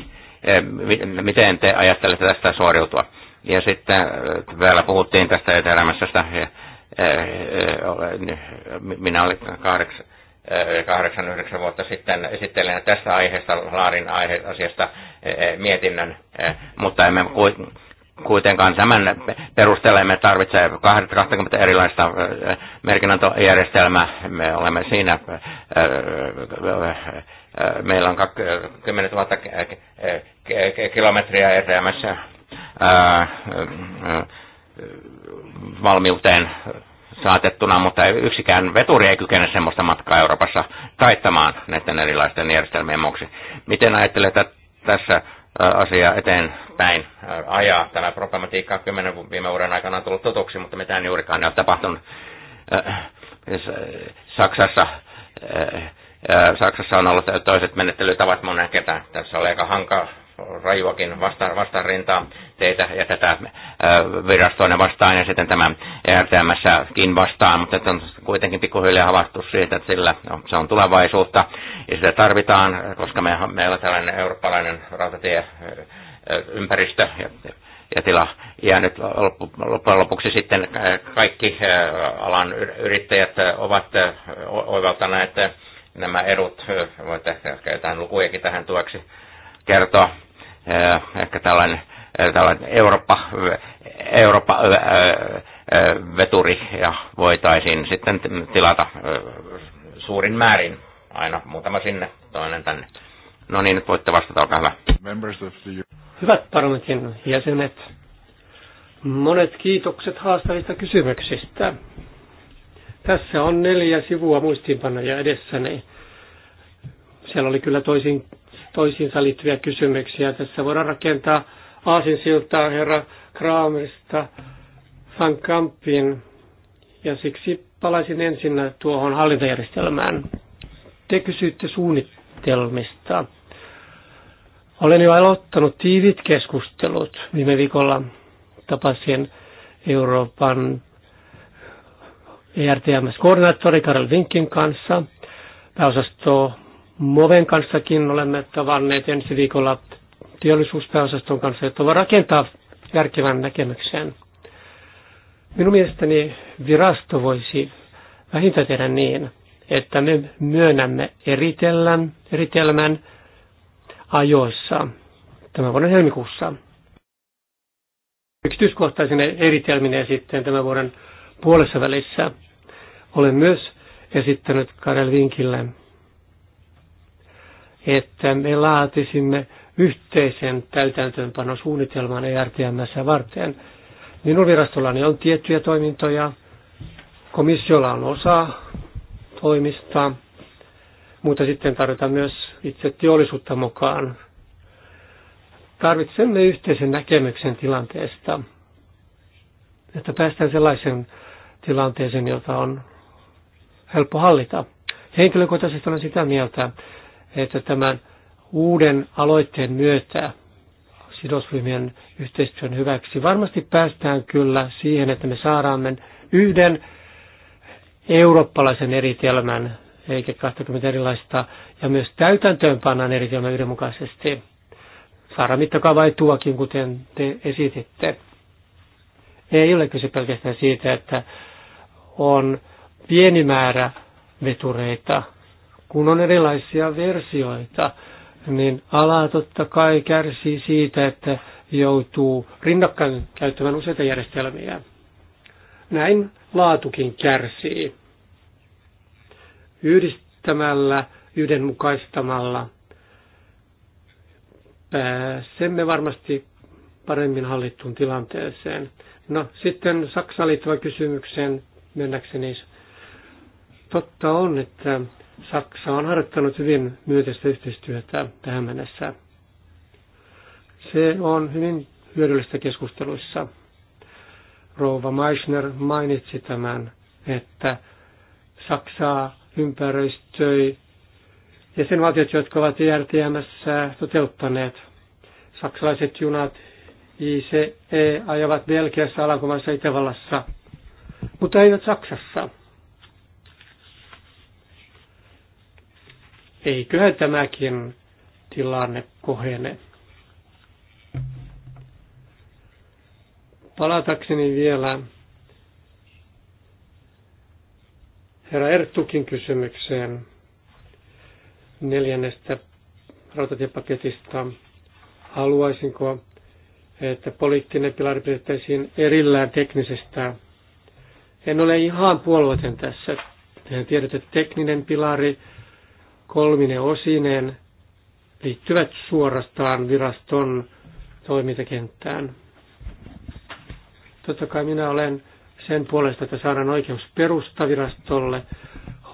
Eh, miten te ajattelette tästä suoriutua? Ja sitten eh, vielä puhuttiin tästä etelämässästä. Eh, minä olin kahdeksan, kahdeksan, yhdeksän vuotta sitten esittelen tästä aiheesta, Laarin aihe, asiasta mietinnön, mutta emme kuitenkaan tämän perusteella emme tarvitse 20 erilaista merkinnäntojärjestelmää. Me olemme siinä, meillä on 10 000 kilometriä ETMS valmiuteen saatettuna, mutta yksikään veturi ei kykene sellaista matkaa Euroopassa taittamaan näiden erilaisten järjestelmien vuoksi. Miten ajattelet, että tässä asiaa eteenpäin ajaa. Tämä problematiikka on kymmenen viime vuoden aikana tullut tutuksi, mutta mitään juurikaan ei ole tapahtunut. Saksassa, Saksassa on ollut toiset menettelytavat monen ketään. Tässä oli aika hankala rajuakin vasta, vastarintaa teitä ja tätä virastoina vastaan ja sitten tämä RTMssäkin vastaan, mutta on kuitenkin pikkuhiljaa havaittu siitä, että sillä no, se on tulevaisuutta ja sitä tarvitaan, koska me, meillä on tällainen eurooppalainen rautatieympäristö ympäristö ja, ja tila. Ja nyt loppujen lopuksi sitten kaikki alan yrittäjät ovat oivaltaneet nämä edut, Voitte ehkä jotain lukujakin tähän tueksi kertoa. Eh, ehkä tällainen, eh, tällainen Eurooppa, eh, Eurooppa veturi ja voitaisiin sitten tilata suurin määrin aina muutama sinne, toinen tänne. No niin, nyt voitte vastata, olkaa hyvä. Hyvät parlamentin jäsenet, monet kiitokset haastavista kysymyksistä. Tässä on neljä sivua muistiinpanoja edessäni. Siellä oli kyllä toisin toisiinsa liittyviä kysymyksiä. Tässä voidaan rakentaa aasinsiltaa herra Kramerista Van Kampin ja siksi palaisin ensin tuohon hallintajärjestelmään. Te kysyitte suunnitelmista. Olen jo aloittanut tiivit keskustelut. Viime viikolla tapasin Euroopan ERTMS-koordinaattori Karel Vinkin kanssa. Pääosasto Moven kanssakin olemme tavanneet ensi viikolla teollisuuspääosaston kanssa, että voi rakentaa järkevän näkemyksen. Minun mielestäni virasto voisi vähintään tehdä niin, että me myönnämme eritellän, eritelmän ajoissa tämän vuoden helmikuussa. Yksityiskohtaisen eritelminen sitten tämän vuoden puolessa välissä olen myös esittänyt Karel Vinkille että me laatisimme yhteisen täytäntöönpanosuunnitelman ERTMS varten. Minun virastollani on tiettyjä toimintoja, komissiolla on osa toimista, mutta sitten tarvitaan myös itse teollisuutta mukaan. Tarvitsemme yhteisen näkemyksen tilanteesta, että päästään sellaisen tilanteeseen, jota on helppo hallita. Henkilökohtaisesti olen sitä mieltä, että tämän uuden aloitteen myötä sidosryhmien yhteistyön hyväksi varmasti päästään kyllä siihen, että me saadaan yhden eurooppalaisen eritelmän, eikä 20 erilaista, ja myös täytäntöön pannaan eritelmä yhdenmukaisesti. Saadaan mittakaava tuokin, kuten te esititte. Ei ole kyse pelkästään siitä, että on pieni määrä vetureita, kun on erilaisia versioita, niin ala totta kai kärsii siitä, että joutuu rinnakkain käyttämään useita järjestelmiä. Näin laatukin kärsii. Yhdistämällä, yhdenmukaistamalla pääsemme varmasti paremmin hallittuun tilanteeseen. No sitten Saksaan liittyvä kysymykseen mennäkseni. Totta on, että Saksa on harjoittanut hyvin myönteistä yhteistyötä tähän mennessä. Se on hyvin hyödyllistä keskusteluissa. Rouva Meissner mainitsi tämän, että Saksaa ympäröistöi jäsenvaltiot, jotka ovat järtiämässä e toteuttaneet. Saksalaiset junat ICE ajavat Belgiassa, Alankomaissa, Itävallassa, mutta eivät Saksassa. eiköhän tämäkin tilanne kohene. Palatakseni vielä herra Erttukin kysymykseen neljännestä rautatiepaketista. Haluaisinko, että poliittinen pilari pidettäisiin erillään teknisestä? En ole ihan puolueen tässä. Tiedät, että tekninen pilari kolmine osineen liittyvät suorastaan viraston toimintakenttään. Totta kai minä olen sen puolesta, että saadaan oikeus perusta virastolle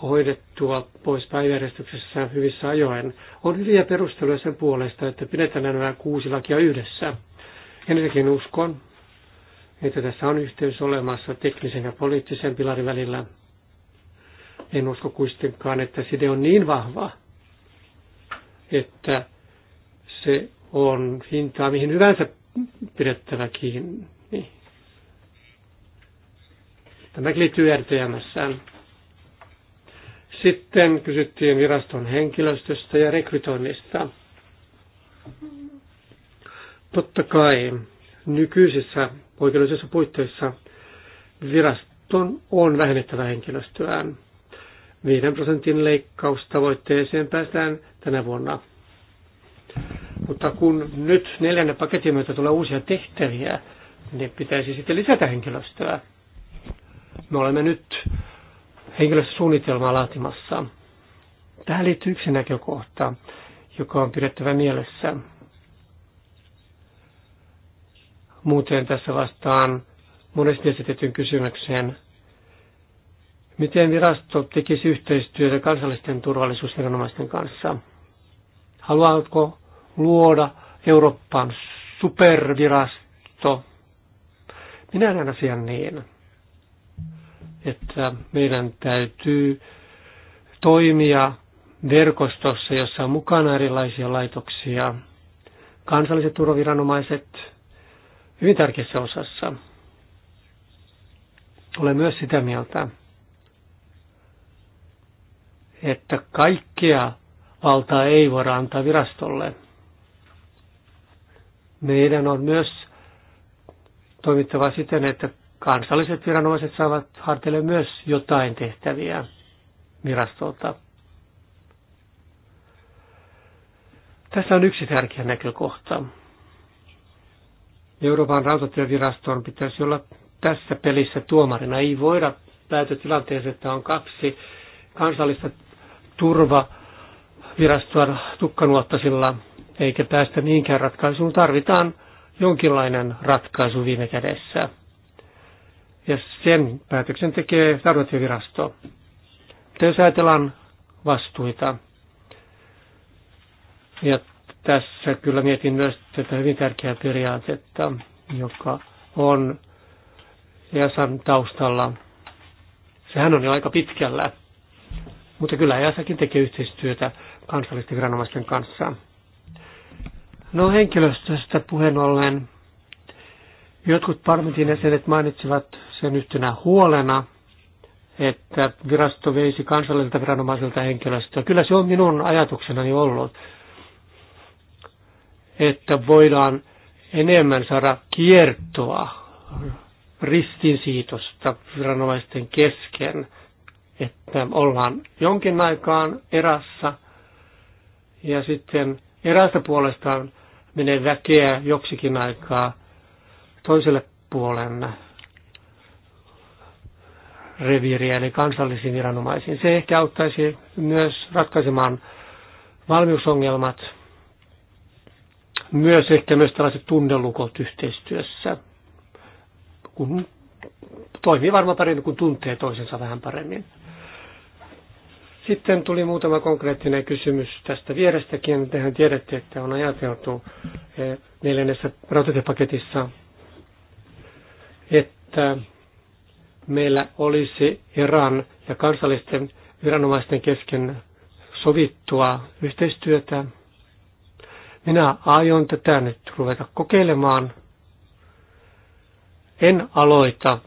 hoidettua pois päiväjärjestyksessä hyvissä ajoin. On hyviä perusteluja sen puolesta, että pidetään nämä kuusi lakia yhdessä. Ensinnäkin uskon, että tässä on yhteys olemassa teknisen ja poliittisen pilarin välillä – en usko kuitenkaan, että side on niin vahva, että se on hintaa mihin hyvänsä pidettävä kiinni. Tämä liittyy RTMSään. Sitten kysyttiin viraston henkilöstöstä ja rekrytoinnista. Totta kai nykyisissä oikeudellisissa puitteissa viraston on vähennettävä henkilöstöään. 5 prosentin leikkaustavoitteeseen päästään tänä vuonna. Mutta kun nyt neljännen paketin myötä tulee uusia tehtäviä, niin pitäisi sitten lisätä henkilöstöä. Me olemme nyt henkilöstösuunnitelmaa laatimassa. Tähän liittyy yksi näkökohta, joka on pidettävä mielessä. Muuten tässä vastaan monesti esitetyn kysymykseen Miten virasto tekisi yhteistyötä kansallisten turvallisuusviranomaisten kanssa? Haluatko luoda Euroopan supervirasto? Minä näen asian niin, että meidän täytyy toimia verkostossa, jossa on mukana erilaisia laitoksia, kansalliset turvaviranomaiset hyvin tärkeässä osassa. Olen myös sitä mieltä, että kaikkea valtaa ei voida antaa virastolle. Meidän on myös toimittava siten, että kansalliset viranomaiset saavat hartille myös jotain tehtäviä virastolta. Tässä on yksi tärkeä näkökohta. Euroopan rautatieviraston pitäisi olla tässä pelissä tuomarina. Ei voida päätyä tilanteeseen, että on kaksi kansallista turva virastoa tukkanuottasilla, eikä päästä niinkään ratkaisuun. Tarvitaan jonkinlainen ratkaisu viime kädessä. Ja sen päätöksen tekee tarvitsevirasto. Mutta jos ajatellaan vastuita, ja tässä kyllä mietin myös tätä hyvin tärkeää periaatetta, joka on Jasan e taustalla. Sehän on jo aika pitkällä mutta kyllä EASAkin tekee yhteistyötä kansallisten viranomaisten kanssa. No henkilöstöstä puheen ollen. Jotkut parlamentin jäsenet mainitsivat sen yhtenä huolena, että virasto veisi kansallisilta viranomaisilta henkilöstöä. Kyllä se on minun ajatuksenani ollut, että voidaan enemmän saada kiertoa ristinsiitosta viranomaisten kesken – että ollaan jonkin aikaan erässä ja sitten erästä puolestaan menee väkeä joksikin aikaa toiselle puolelle reviiriä eli kansallisiin viranomaisiin. Se ehkä auttaisi myös ratkaisemaan valmiusongelmat, myös ehkä myös tällaiset tunnelukot yhteistyössä, kun toimii varmaan paremmin, kun tuntee toisensa vähän paremmin. Sitten tuli muutama konkreettinen kysymys tästä vierestäkin. Tehän tiedätte, että on ajateltu eh, neljännessä rautatiepaketissa, että meillä olisi Iran ja kansallisten viranomaisten kesken sovittua yhteistyötä. Minä aion tätä nyt ruveta kokeilemaan en aloita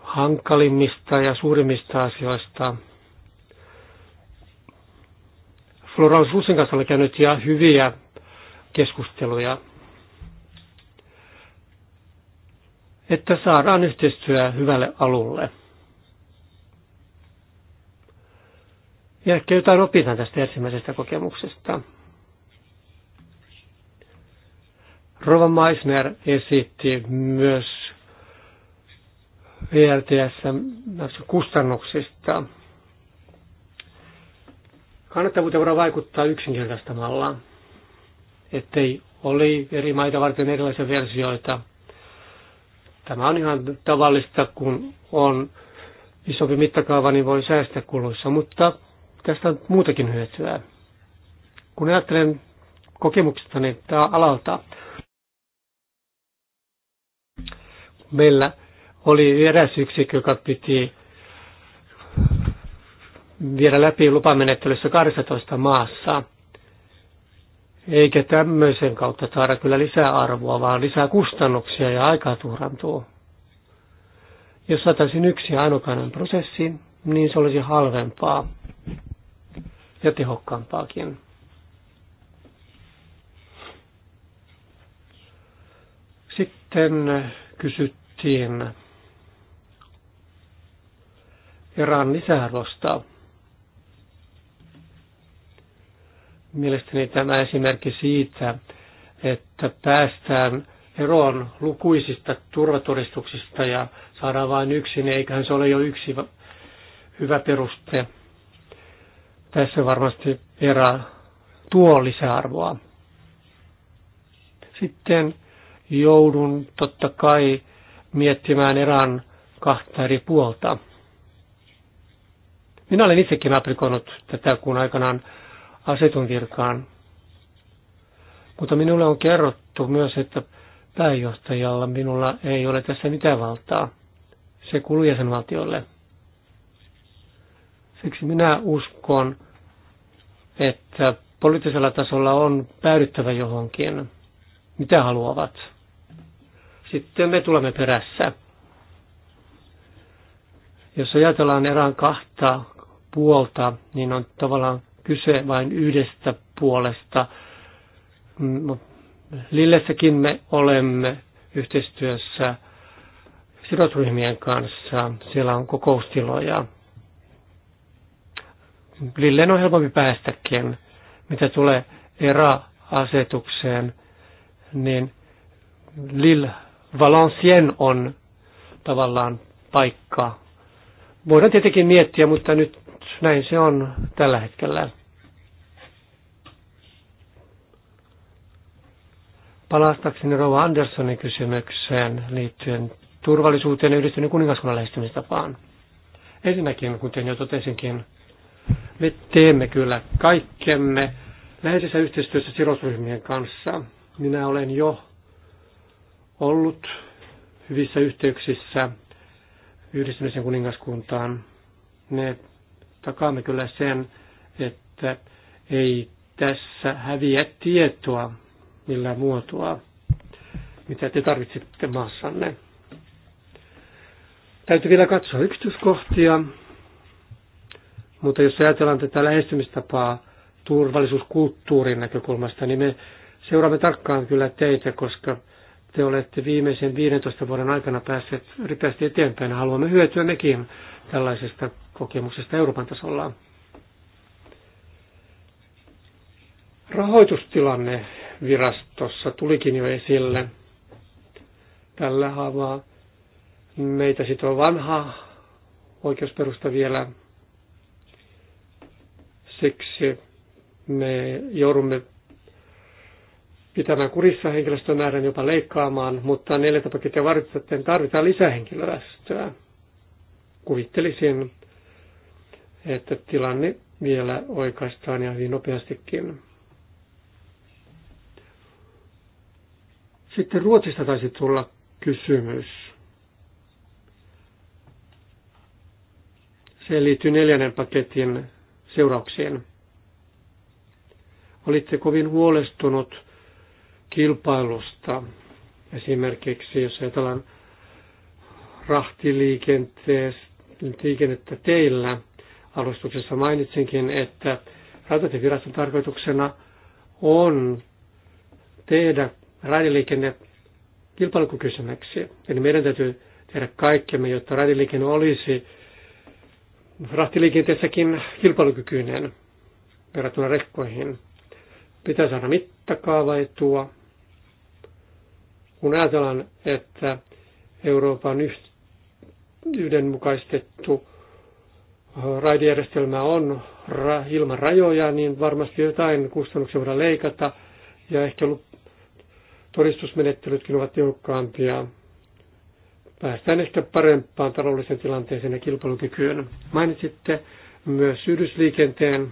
hankalimmista ja suurimmista asioista. Floral Susin kanssa olen käynyt ihan hyviä keskusteluja, että saadaan yhteistyö hyvälle alulle. Ja ehkä jotain opitaan tästä ensimmäisestä kokemuksesta. Rova Meisner esitti myös VRTS kustannuksista. Kannattavuuteen voidaan vaikuttaa yksinkertaistamalla, ettei oli eri maita varten erilaisia versioita. Tämä on ihan tavallista, kun on isompi mittakaava, niin voi säästää kuluissa, mutta tästä on muutakin hyötyä. Kun ajattelen kokemuksestani tämä alalta, meillä oli eräs yksikkö, joka piti viedä läpi lupamenettelyssä 12 maassa. Eikä tämmöisen kautta saada kyllä lisää arvoa, vaan lisää kustannuksia ja aikaa tuhrantuu. Jos saataisiin yksi ainokainen prosessi, niin se olisi halvempaa ja tehokkaampaakin. Sitten kysyttiin ja rannisäärosta. Mielestäni tämä esimerkki siitä, että päästään eroon lukuisista turvatodistuksista ja saadaan vain yksi, niin eiköhän se ole jo yksi hyvä peruste. Tässä varmasti ERA tuo lisäarvoa. Sitten joudun totta kai miettimään erään kahta eri puolta. Minä olen itsekin aprikoinut tätä, kuun aikanaan asetun virkaan. Mutta minulle on kerrottu myös, että pääjohtajalla minulla ei ole tässä mitään valtaa. Se kuuluu jäsenvaltiolle. Siksi minä uskon, että poliittisella tasolla on päädyttävä johonkin, mitä haluavat. Sitten me tulemme perässä. Jos ajatellaan erään kahta puolta, niin on tavallaan kyse vain yhdestä puolesta. Mm, Lillessäkin me olemme yhteistyössä sidosryhmien kanssa. Siellä on kokoustiloja. Lilleen on helpompi päästäkin. Mitä tulee ERA-asetukseen, niin Lille Valencien on tavallaan paikka. Voidaan tietenkin miettiä, mutta nyt näin se on tällä hetkellä. Palastakseni Rova Anderssonin kysymykseen liittyen turvallisuuteen ja yhdistyneen kuningaskunnan lähestymistapaan. Ensinnäkin, kuten jo totesinkin, me teemme kyllä kaikkemme läheisessä yhteistyössä sidosryhmien kanssa. Minä olen jo ollut hyvissä yhteyksissä yhdistymisen kuningaskuntaan. Ne takaamme kyllä sen, että ei tässä häviä tietoa millä muotoa, mitä te tarvitsette maassanne. Täytyy vielä katsoa yksityiskohtia, mutta jos ajatellaan tätä lähestymistapaa turvallisuuskulttuurin näkökulmasta, niin me seuraamme tarkkaan kyllä teitä, koska te olette viimeisen 15 vuoden aikana päässeet ripeästi eteenpäin. Haluamme hyötyä mekin tällaisesta kokemuksesta Euroopan tasolla. Rahoitustilanne virastossa tulikin jo esille. Tällä haavaa meitä sitoo vanha oikeusperusta vielä. Siksi me joudumme pitämään kurissa henkilöstön jopa leikkaamaan, mutta neljättä pakettia varten tarvitaan lisää henkilöstöä. Kuvittelisin, että tilanne vielä oikeastaan ja hyvin nopeastikin. Sitten Ruotsista taisi tulla kysymys. Se liittyy neljännen paketin seurauksiin. Olitte kovin huolestunut kilpailusta. Esimerkiksi jos ajatellaan rahtiliikennettä teillä, alustuksessa mainitsinkin, että rautatieviraston tarkoituksena on tehdä raidiliikenne kilpailukykyisemmäksi. Eli meidän täytyy tehdä kaikkemme, jotta raidiliikenne olisi rahtiliikenteessäkin kilpailukykyinen verrattuna rekkoihin. Pitää saada mittakaavaitua kun ajatellaan, että Euroopan yhdenmukaistettu äh, raidejärjestelmä on ilman rajoja, niin varmasti jotain kustannuksia voidaan leikata ja ehkä todistusmenettelytkin ovat tiukkaampia. Päästään ehkä parempaan taloudelliseen tilanteeseen ja kilpailukykyyn. Mainitsitte myös yhdysliikenteen.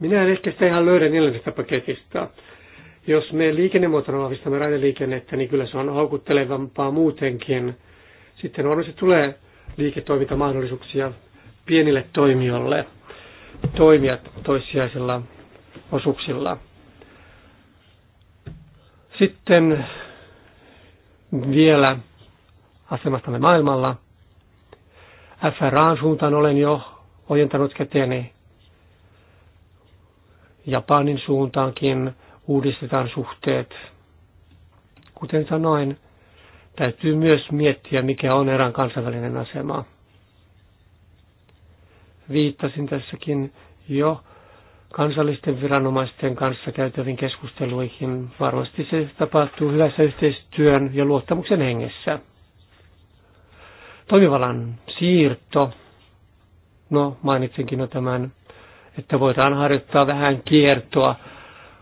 Minä en ehkä sitä ihan löydä neljännestä paketista. Jos me liikennemuotona vahvistamme raideliikennettä, niin kyllä se on houkuttelevampaa muutenkin. Sitten varmasti tulee liiketoimintamahdollisuuksia pienille toimijoille toimia toissijaisilla osuuksilla. Sitten vielä asemastamme maailmalla. FRAan suuntaan olen jo ojentanut käteeni Japanin suuntaankin uudistetaan suhteet. Kuten sanoin, täytyy myös miettiä, mikä on erään kansainvälinen asema. Viittasin tässäkin jo kansallisten viranomaisten kanssa käytäviin keskusteluihin. Varmasti se tapahtuu hyvässä yhteistyön ja luottamuksen hengessä. Toimivalan siirto. No, mainitsinkin jo tämän, että voidaan harjoittaa vähän kiertoa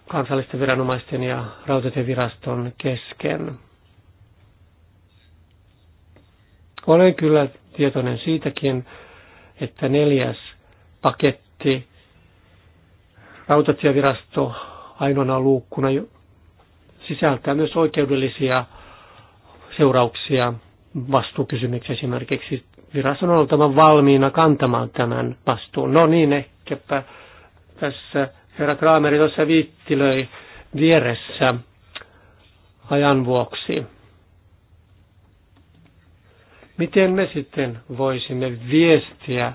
kansallisten viranomaisten ja rautatieviraston kesken. Olen kyllä tietoinen siitäkin, että neljäs paketti rautatievirasto ainoana luukkuna sisältää myös oikeudellisia seurauksia vastuukysymyksiä esimerkiksi. Viraston on oltava valmiina kantamaan tämän vastuun. No niin, ehkäpä tässä Herra Kraameri tuossa viittilöi vieressä ajan vuoksi. Miten me sitten voisimme viestiä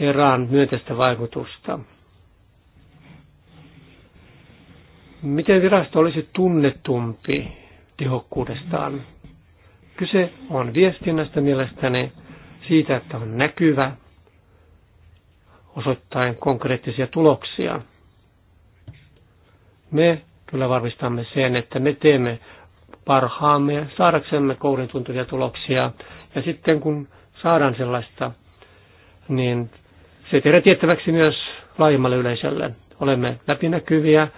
erään myönteistä vaikutusta? Miten virasto olisi tunnetumpi tehokkuudestaan? Kyse on viestinnästä mielestäni siitä, että on näkyvä osoittain konkreettisia tuloksia. Me kyllä varmistamme sen, että me teemme parhaamme saadaksemme koulun tuntuvia tuloksia. Ja sitten kun saadaan sellaista, niin se tehdään tiettäväksi myös laajemmalle yleisölle. Olemme läpinäkyviä,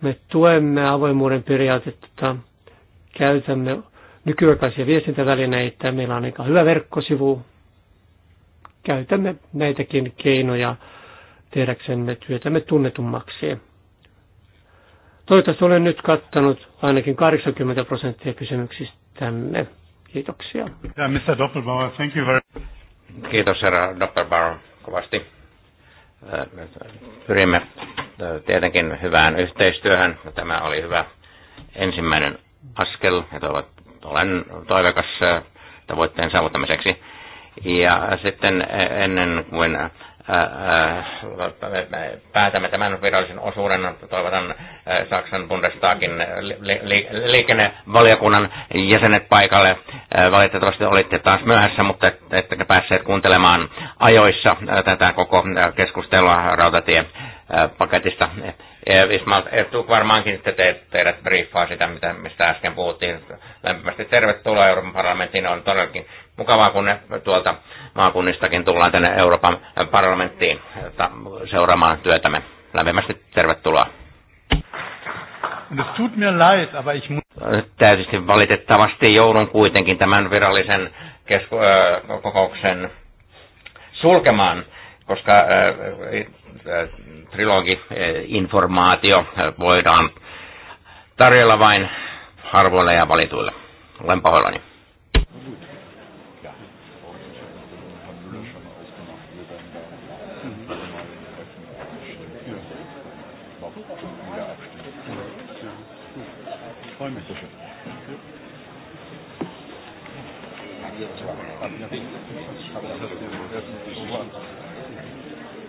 me tuemme avoimuuden periaatetta, käytämme nykyaikaisia viestintävälineitä, meillä on aika hyvä verkkosivu. Käytämme näitäkin keinoja tehdäksemme työtämme tunnetummaksi. Toivottavasti olen nyt kattanut ainakin 80 prosenttia kysymyksistämme. Kiitoksia. Yeah, Mr. Doppelbauer, thank you very... Kiitos herra Doppelbauer kovasti. Pyrimme tietenkin hyvään yhteistyöhön. Tämä oli hyvä ensimmäinen askel ja toivot, olen toivekas tavoitteen saavuttamiseksi. Ja sitten ennen kuin päätämme tämän virallisen osuuden. Toivotan Saksan Bundestagin liikennevaliokunnan jäsenet paikalle. Valitettavasti olitte taas myöhässä, mutta ette päässeet kuuntelemaan ajoissa tätä koko keskustelua rautatiepaketista. Ismail Ertuk varmaankin sitten te, teidät briefaa sitä, mitä, mistä äsken puhuttiin. Lämpimästi tervetuloa Euroopan parlamenttiin. On todellakin mukavaa, kun ne tuolta maakunnistakin tullaan tänne Euroopan parlamenttiin seuraamaan työtämme. Lämpimästi tervetuloa. Täysin valitettavasti joudun kuitenkin tämän virallisen kesku- äh, kokouksen sulkemaan, koska äh, äh, trilogi-informaatio äh, voidaan tarjolla vain harvoille ja valituille. Olen pahoillani. freue mich so schön. Ja.